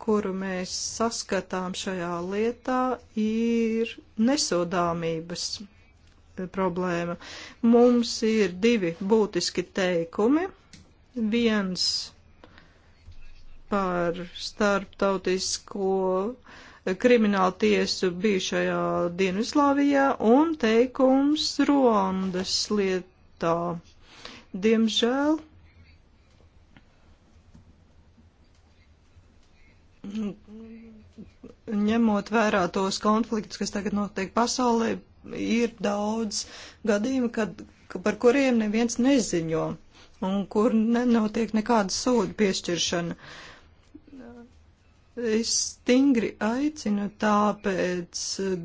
[SPEAKER 3] kuru mēs saskatām šajā lietā, ir nesodāmības problēma. Mums ir divi būtiski teikumi. Viens par starptautisko uh, krimināla tiesu bijušajā Dienvidslāvijā un teikums Ruandas lietā. Diemžēl ņemot vērā tos konfliktus, kas tagad notiek pasaulē, ir daudz gadījumu, kad, par kuriem neviens neziņo un kur nenotiek nekāda sūdu piešķiršana. Uh, Es stingri aicinu tāpēc eh,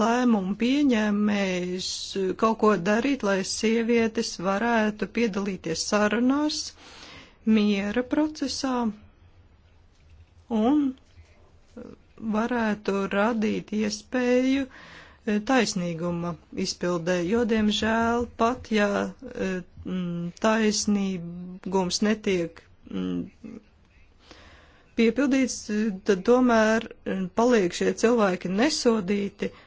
[SPEAKER 3] lēmumu pieņēmējus eh, kaut ko darīt, lai sievietes varētu piedalīties sarunās, miera procesā un eh, varētu radīt iespēju taisnīguma izpildē, jo, diemžēl, pat ja taisnīgums netiek piepildīts, tad tomēr eh, paliek šie cilvēki nesodīti eh,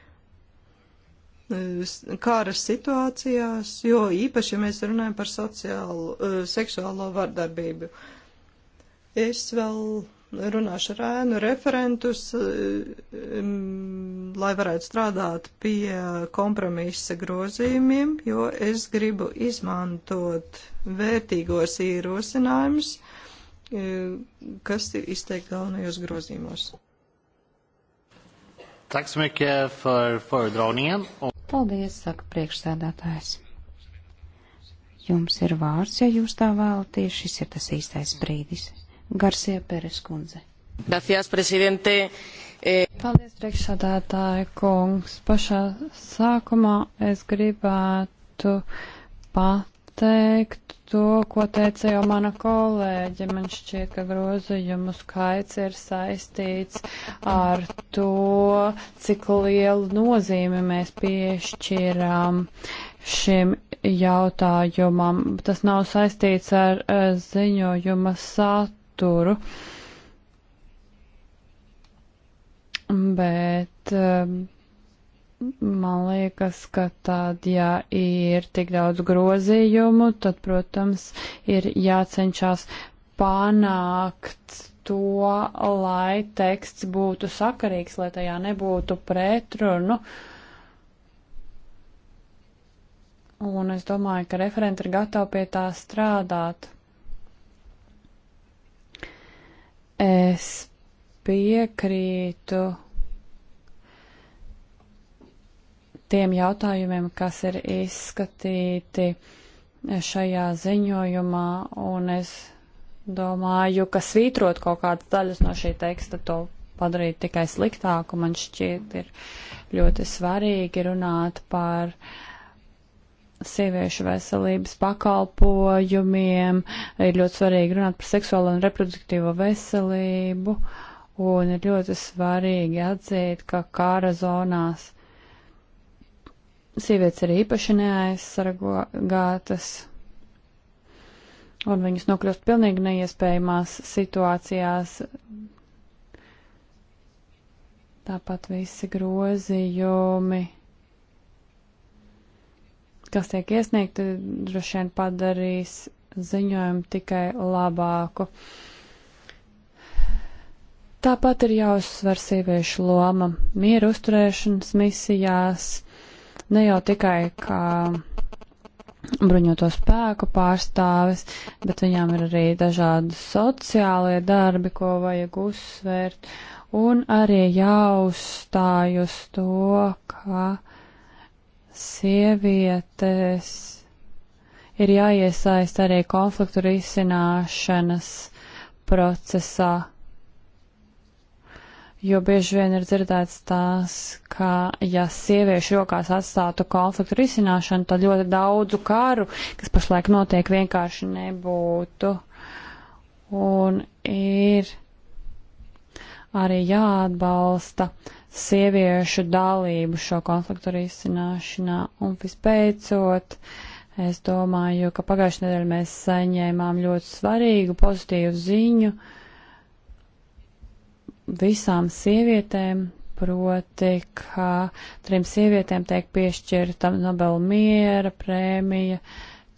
[SPEAKER 3] kāras situācijās, jo īpaši, ja mēs runājam par sociālu, eh, seksuālo vardarbību. Es vēl runāšu ar ēnu referentus, lai varētu strādāt pie kompromisa grozījumiem, jo es gribu izmantot vērtīgos ierosinājumus, E, kas ir izteikti galvenajos grozījumos. Paldies, saka priekšsēdētājs. Jums
[SPEAKER 4] ir vārds, ja jūs tā vēlaties, šis ir tas īstais brīdis. Garsie Peres kundze.
[SPEAKER 3] Gracias, presidente. Eh,
[SPEAKER 2] Paldies, priekšsādātāja kungs. Pašā sākumā es gribētu pat teikt to, ko teica jau mana kolēģe. Man šķiet, ka grozījumu skaits ir saistīts ar to, cik lielu nozīmi mēs piešķiram šim jautājumam. Tas nav saistīts ar eh, ziņojuma saturu. Bet. Um, Man liekas, ka tad, ja ir tik daudz grozījumu, tad, protams, ir jācenšas panākt to, lai teksts būtu sakarīgs, lai tajā nebūtu pretrunu. Un es domāju, ka referenti ir gatavi pie tā strādāt. Es piekrītu tiem jautājumiem, kas ir izskatīti šajā ziņojumā, un es domāju, ka svītrot kaut kādas daļas no šī teksta to padarīt tikai sliktāku, man šķiet ir ļoti svarīgi runāt par sieviešu veselības pakalpojumiem, ir ļoti svarīgi runāt par seksuālo un reproduktīvo veselību, un ir ļoti svarīgi atzīt, ka kara zonās Sievietes ir īpaši neaizsargātas, un viņas nokļūst pilnīgi neiespējamās situācijās. Tāpat visi grozījumi, kas tiek iesniegti, droši vien padarīs ziņojumu tikai labāku. Tāpat ir jāuzsver sieviešu loma mieru uzturēšanas misijās ne jau tikai kā bruņoto spēku pārstāvis, bet viņām ir arī dažādi sociālie darbi, ko vajag uzsvērt, un arī jāuzstāj uz to, ka sievietes ir jāiesaist arī konfliktu risināšanas procesā Jo bieži vien ir dzirdēts tās, ka ja sieviešu rokās atstātu konfliktu risināšanu, tad ļoti daudzu karu, kas pašlaik notiek, vienkārši nebūtu. Un ir arī jāatbalsta sieviešu dalību šo konfliktu risināšanā. Un vispēcot, es domāju, ka pagājušajā nedēļā mēs saņēmām ļoti svarīgu pozitīvu ziņu. Uh, visām sievietēm, proti, ka trim sievietēm tiek piešķirta Nobel miera prēmija,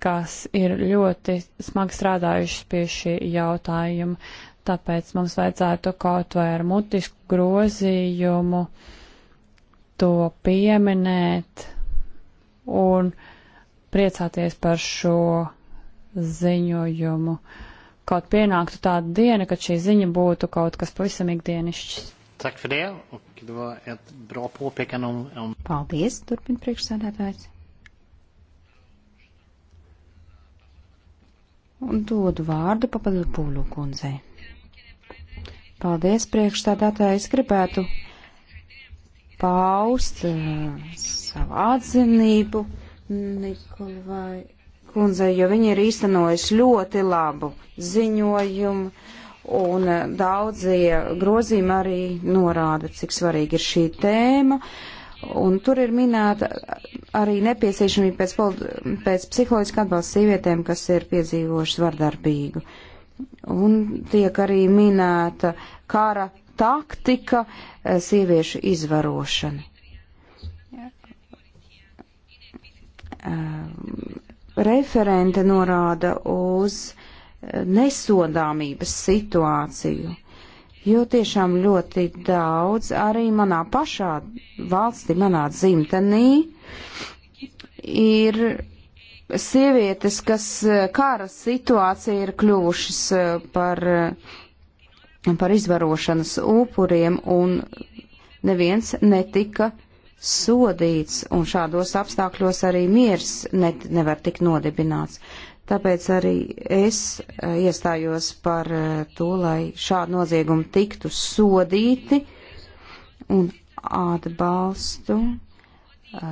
[SPEAKER 2] kas ir ļoti smagi strādājušas pie šī jautājuma. Tāpēc mums vajadzētu kaut vai ar mutisku grozījumu to pieminēt un priecāties par šo ziņojumu. Uh, kaut pienāktu tāda diena, kad šī ziņa būtu kaut kas pavisam ikdienišķis.
[SPEAKER 4] Paldies, turpina priekšsēdētājs. Un dodu vārdu papadu pūļu kundzei. Paldies, priekšstādātāji, es gribētu paust uh, savu atzinību Nikolai kundzei, jo viņi ir īstenojuši ļoti labu ziņojumu, un eh, daudzie grozījumi arī norāda, cik svarīga ir šī tēma. Un tur ir minēta arī nepieciešamība pēc, pēc psiholoģiska atbalsta sievietēm, kas ir piedzīvojušas vardarbīgu. Un tiek arī minēta kara taktika, eh, sieviešu izvarošana. Eh, referente norāda uz eh, nesodāmības situāciju, jo tiešām ļoti daudz arī manā pašā valstī, manā dzimtenī, ir sievietes, kas eh, kara situācija ir kļuvušas eh, par, par izvarošanas upuriem un neviens netika sodīts, un šādos apstākļos arī miers ne, nevar tikt nodibināts. Tāpēc arī es eh, iestājos par eh, to, lai šādi noziegumi tiktu sodīti un atbalstu uh,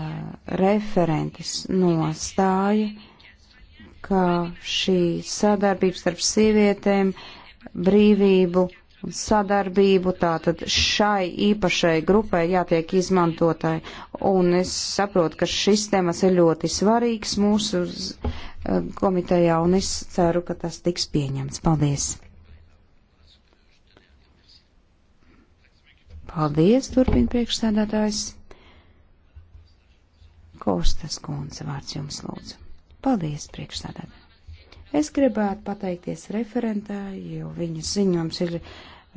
[SPEAKER 4] referentes nostāja, ka šī sadarbība starp sievietēm brīvību sadarbību, tātad šai īpašai grupai jātiek izmantotāji. Un es saprotu, ka šis temats ir ļoti svarīgs mūsu eh, komitejā, un es ceru, ka tas tiks pieņemts. Paldies! Paldies, turpina priekšsēdētājs. Kostas kundze, vārds jums lūdzu. Paldies, priekšsēdētāji. Es gribētu pateikties referentāji, jo viņas ziņojums ir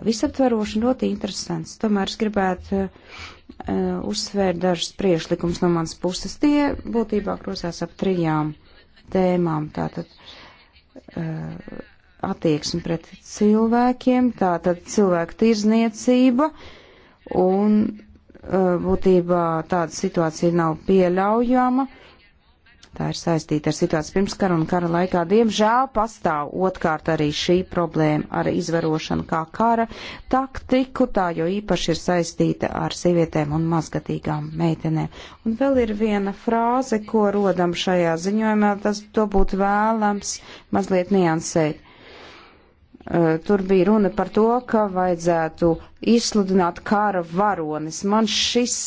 [SPEAKER 4] visaptvaroši ļoti interesants. Tomēr es gribētu uh, uzsvērt dažus priešlikums no manas puses. Tie būtībā krusās ap trijām tēmām. Tātad uh, attieksme pret cilvēkiem, tātad cilvēku tirzniecība un uh, būtībā tāda situācija nav pieļaujama. Uh, Tā ir saistīta ar situāciju pirms kara un kara laikā. Diemžēl pastāv otkārt arī šī problēma ar izvarošanu kā kara taktiku, tā jo īpaši ir saistīta ar sievietēm un mazgatīgām meitenēm. Un vēl ir viena frāze, ko rodam šajā ziņojumā, tas to būtu vēlams mazliet niansēt. Tur bija runa par to, ka vajadzētu izsludināt kara varonis. Man šis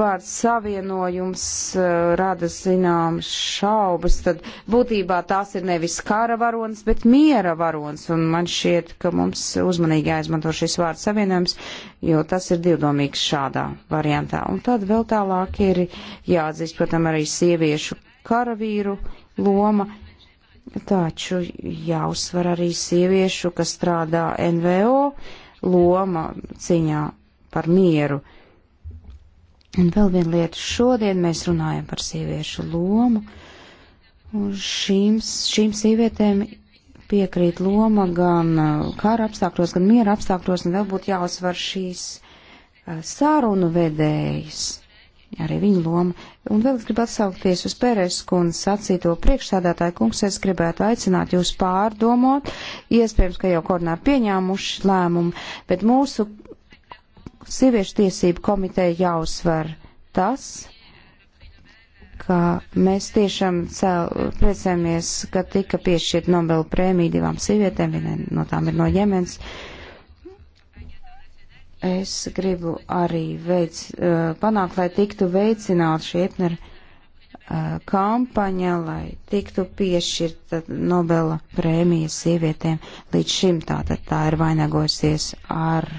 [SPEAKER 4] vārds savienojums eh, rada zināmas šaubas, tad būtībā tās ir nevis kara varonas, bet miera varonas. Un man šķiet, ka mums uzmanīgi jāizmanto šis vārds savienojums, jo tas ir divdomīgs šādā variantā. Un tad vēl tālāk ir jāatzīst, protams, arī sieviešu karavīru loma. Taču jāuzsver arī sieviešu, kas strādā NVO loma ciņā par mieru. Uh, Un vēl viena lieta. Šodien mēs runājam par sieviešu lomu. Un šīm, šīm sievietēm piekrīt loma gan uh, kara apstākļos, gan miera apstākļos, un vēl būtu jāuzsver šīs uh, sārunu vedējas, arī viņa loma. Un vēl es gribu atsaukties uz Pērēs kundzes sacīto priekšsādātāju kungs, es gribētu aicināt jūs pārdomot, iespējams, ka jau koordinā pieņēmuši lēmumu, bet mūsu sieviešu tiesību komiteja jāuzsver tas, ka mēs tiešām priecājamies, ka tika piešķirt Nobela prēmija divām sievietēm, viena no tām ir no Jemens. Es gribu arī veic, eh, panākt, lai tiktu veicināta šī Epner eh, kampaņa, lai tiktu piešķirta Nobela prēmija sievietēm. Līdz šim tātad tā ir vainagojusies ar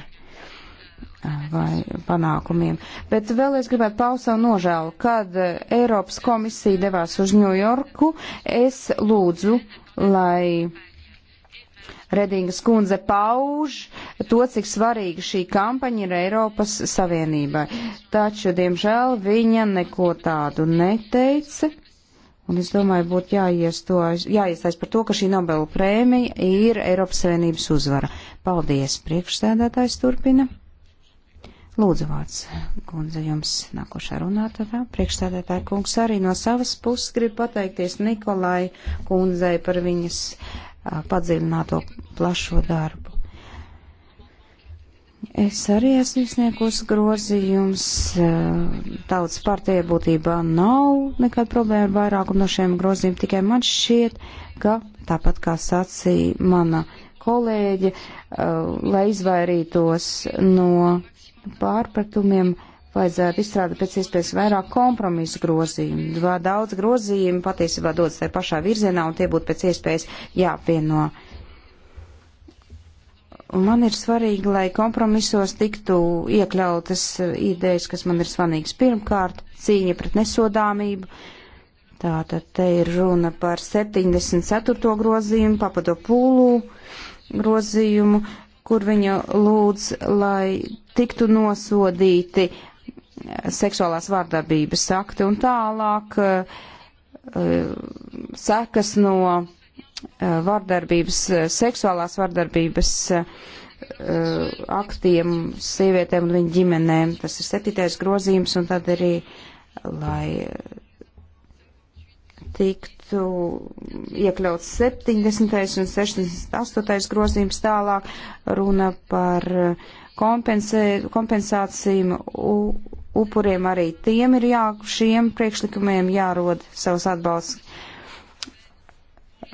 [SPEAKER 4] vai panākumiem. Bet vēl es gribētu paust savu nožēlu. Kad Eiropas komisija devās uz Ņujorku, es lūdzu, lai Redingas kundze pauž to, cik svarīga šī kampaņa ir Eiropas Savienībai. Taču, diemžēl, viņa neko tādu neteica. Un es domāju, būtu jāiestājas par to, ka šī Nobela prēmija ir Eiropas Savienības uzvara. Paldies, priekšsēdētājs turpina. Lūdzu, vārds kundze jums nākošā runātājā. Priekšstādētāja kungs arī no savas puses grib pateikties Nikolai kundzei par viņas padziļināto plašo darbu. Es arī esmu izniekus grozījums. Tautas partija būtībā nav nekāda problēma ar vairākumu no šiem grozījumiem, tikai man šķiet, ka tāpat kā sacīja mana kolēģe, lai izvairītos no pārpratumiem vajadzētu izstrādāt pēc iespējas vairāk kompromisu grozījumu. Daudz grozījumu patiesībā dodas tajā pašā virzienā un tie būtu pēc iespējas jāapvieno. Un man ir svarīgi, lai kompromisos tiktu iekļautas idejas, kas man ir svarīgas. Pirmkārt, cīņa pret nesodāmību. Tātad te ir runa par 74. grozījumu, papado pūlū grozījumu, kur viņa lūdz, lai tiktu nosodīti seksuālās vārdarbības akti un tālāk eh, sekas no eh, vardarbības, seksuālās vardarbības eh, aktiem sievietēm un viņu ģimenēm. Tas ir septītais grozījums un tad arī, lai tikt tiktu iekļauts 70. un 68. grozījums tālāk runa par eh, kompensē, kompensācijām upuriem arī tiem ir jā, šiem priekšlikumiem jārod savs atbalsts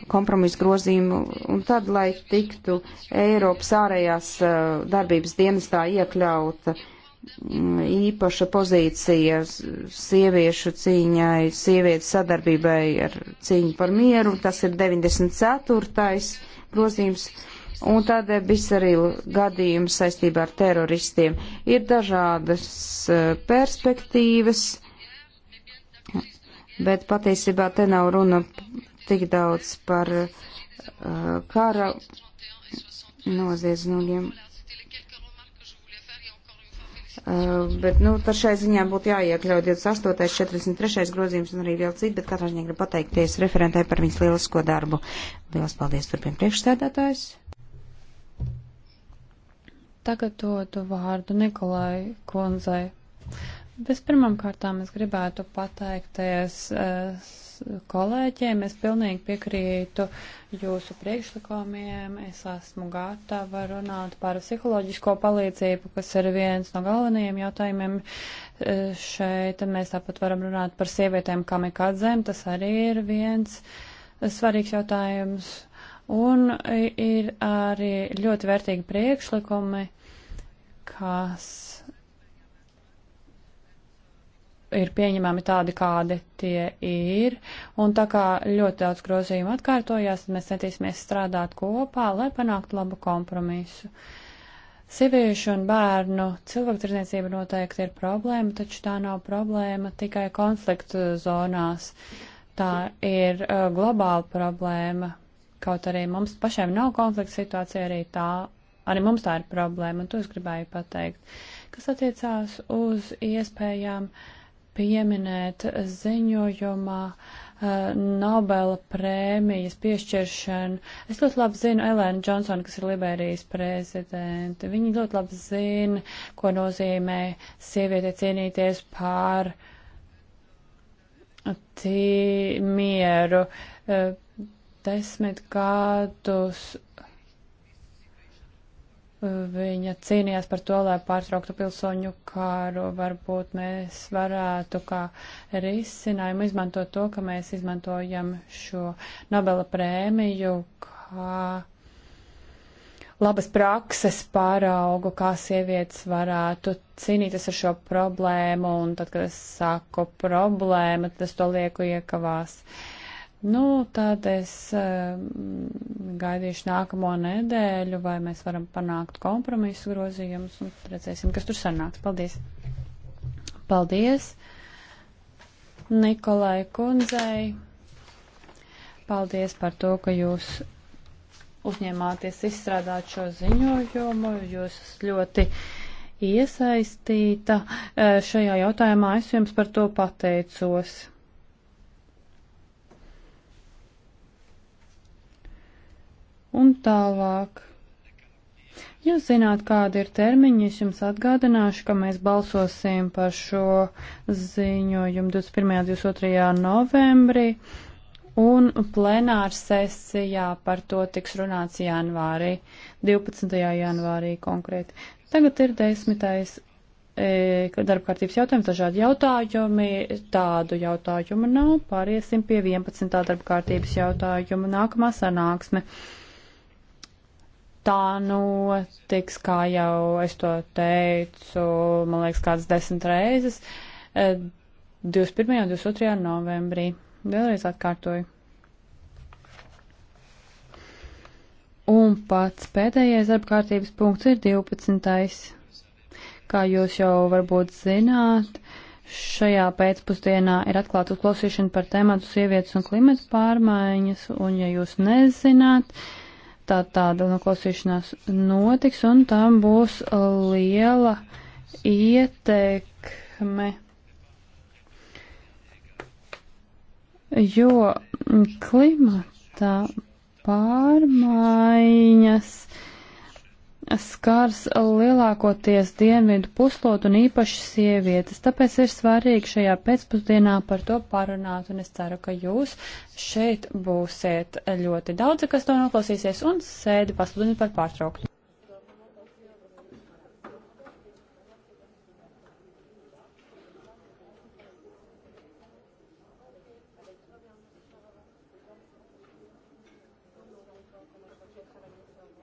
[SPEAKER 4] kompromisu grozījumu, un tad, lai tiktu Eiropas ārējās eh, darbības dienestā iekļauta uh, īpaša pozīcija sieviešu cīņai, sievietes sadarbībai ar cīņu par mieru. Tas ir 94. grozījums. Un tādēļ bija arī gadījums saistībā ar teroristiem. Ir dažādas e, perspektīvas, bet patiesībā te nav runa tik daudz par uh, kara noziedzniekiem. Uh, bet, nu, par šai ziņā būtu jāiekļaut 28., 43. grozījums un arī vēl citi, bet katrā ziņā gribu pateikties referentai par viņas lielisko darbu. Lielas paldies turpiem priekšstādātājs.
[SPEAKER 2] Tagad dodu vārdu Nikolai Konzai. Vispirmām kārtām es gribētu pateikties. Es eh, kolēģiem. Es pilnīgi piekrītu jūsu priekšlikumiem. Es esmu gatava runāt par psiholoģisko palīdzību, kas ir viens no galvenajiem jautājumiem e, šeit. Mēs tāpat varam runāt par sievietēm kamikadzēm. Tas arī ir viens svarīgs jautājums. Un ir arī ļoti vērtīgi priekšlikumi, kas ir pieņemami tādi, kādi tie ir. Un tā kā ļoti daudz grozījumu atkārtojās, mēs centīsimies strādāt kopā, lai panāktu labu kompromisu. Sieviešu un bērnu cilvēktirdzniecība noteikti ir problēma, taču tā nav problēma tikai konfliktu zonās. Tā ir uh, globāla problēma. Kaut arī mums pašiem nav konflikta situācija, arī, tā, arī mums tā ir problēma, un to es gribēju pateikt. Kas attiecās uz iespējām uh, pieminēt ziņojumā eh, Nobela prēmijas piešķiršanu. Es ļoti labi zinu Elēnu Džonsonu, kas ir Liberijas prezidenta. Viņa ļoti labi zina, ko nozīmē sieviete cīnīties pār tī, mieru. Eh, desmit gadus Viņa cīnījās par to, lai pārtrauktu pilsoņu kāru. Varbūt mēs varētu kā risinājumu izmantot to, ka mēs izmantojam šo Nobela prēmiju kā labas prakses pāraugu, kā sievietes varētu cīnīties ar šo problēmu. Un tad, kad es saku problēma, tad es to lieku iekavās. Uh, Nu, tad es eh, gaidīšu nākamo nedēļu, vai mēs varam panākt kompromisu grozījumus un redzēsim, kas tur sanāks. Paldies! Paldies Nikolai Kundzei! Paldies par to, ka jūs uzņēmāties izstrādāt šo ziņojumu. Jūs ļoti iesaistīta eh, šajā jautājumā. Es jums par to pateicos. un tālāk. Jūs zināt, kāda ir termiņa, es jums atgādināšu, ka mēs balsosim par šo ziņojumu 21. un 22. novembrī, un plenāra sesijā par to tiks runāts janvārī, 12. janvārī konkrēti. Tagad ir desmitais e, darbkārtības jautājums, dažādi jautājumi, tādu jautājumu nav, pāriesim pie 11. darbkārtības jautājuma, nākamā sanāksme tā notiks, kā jau es to teicu, man liekas, kādas desmit reizes, 21. E, un 22. novembrī. Vēlreiz atkārtoju. Un pats pēdējais darba kārtības punkts ir 12. Kā jūs jau varbūt zināt, Šajā pēcpusdienā ir atklāta uzklausīšana par tēmatu sievietes un klimata pārmaiņas, un ja jūs nezināt, uh, Tā tāda noklausīšanās notiks, un tam būs liela ietekme. Jo klimata pārmaiņas uh, skars lielākoties dienvidu puslot un īpaši sievietes, tāpēc ir svarīgi šajā pēcpusdienā par to parunāt, un es ceru, ka jūs šeit būsiet ļoti daudzi, kas to noklausīsies, un sēdi pasludināt par pārtrauktu.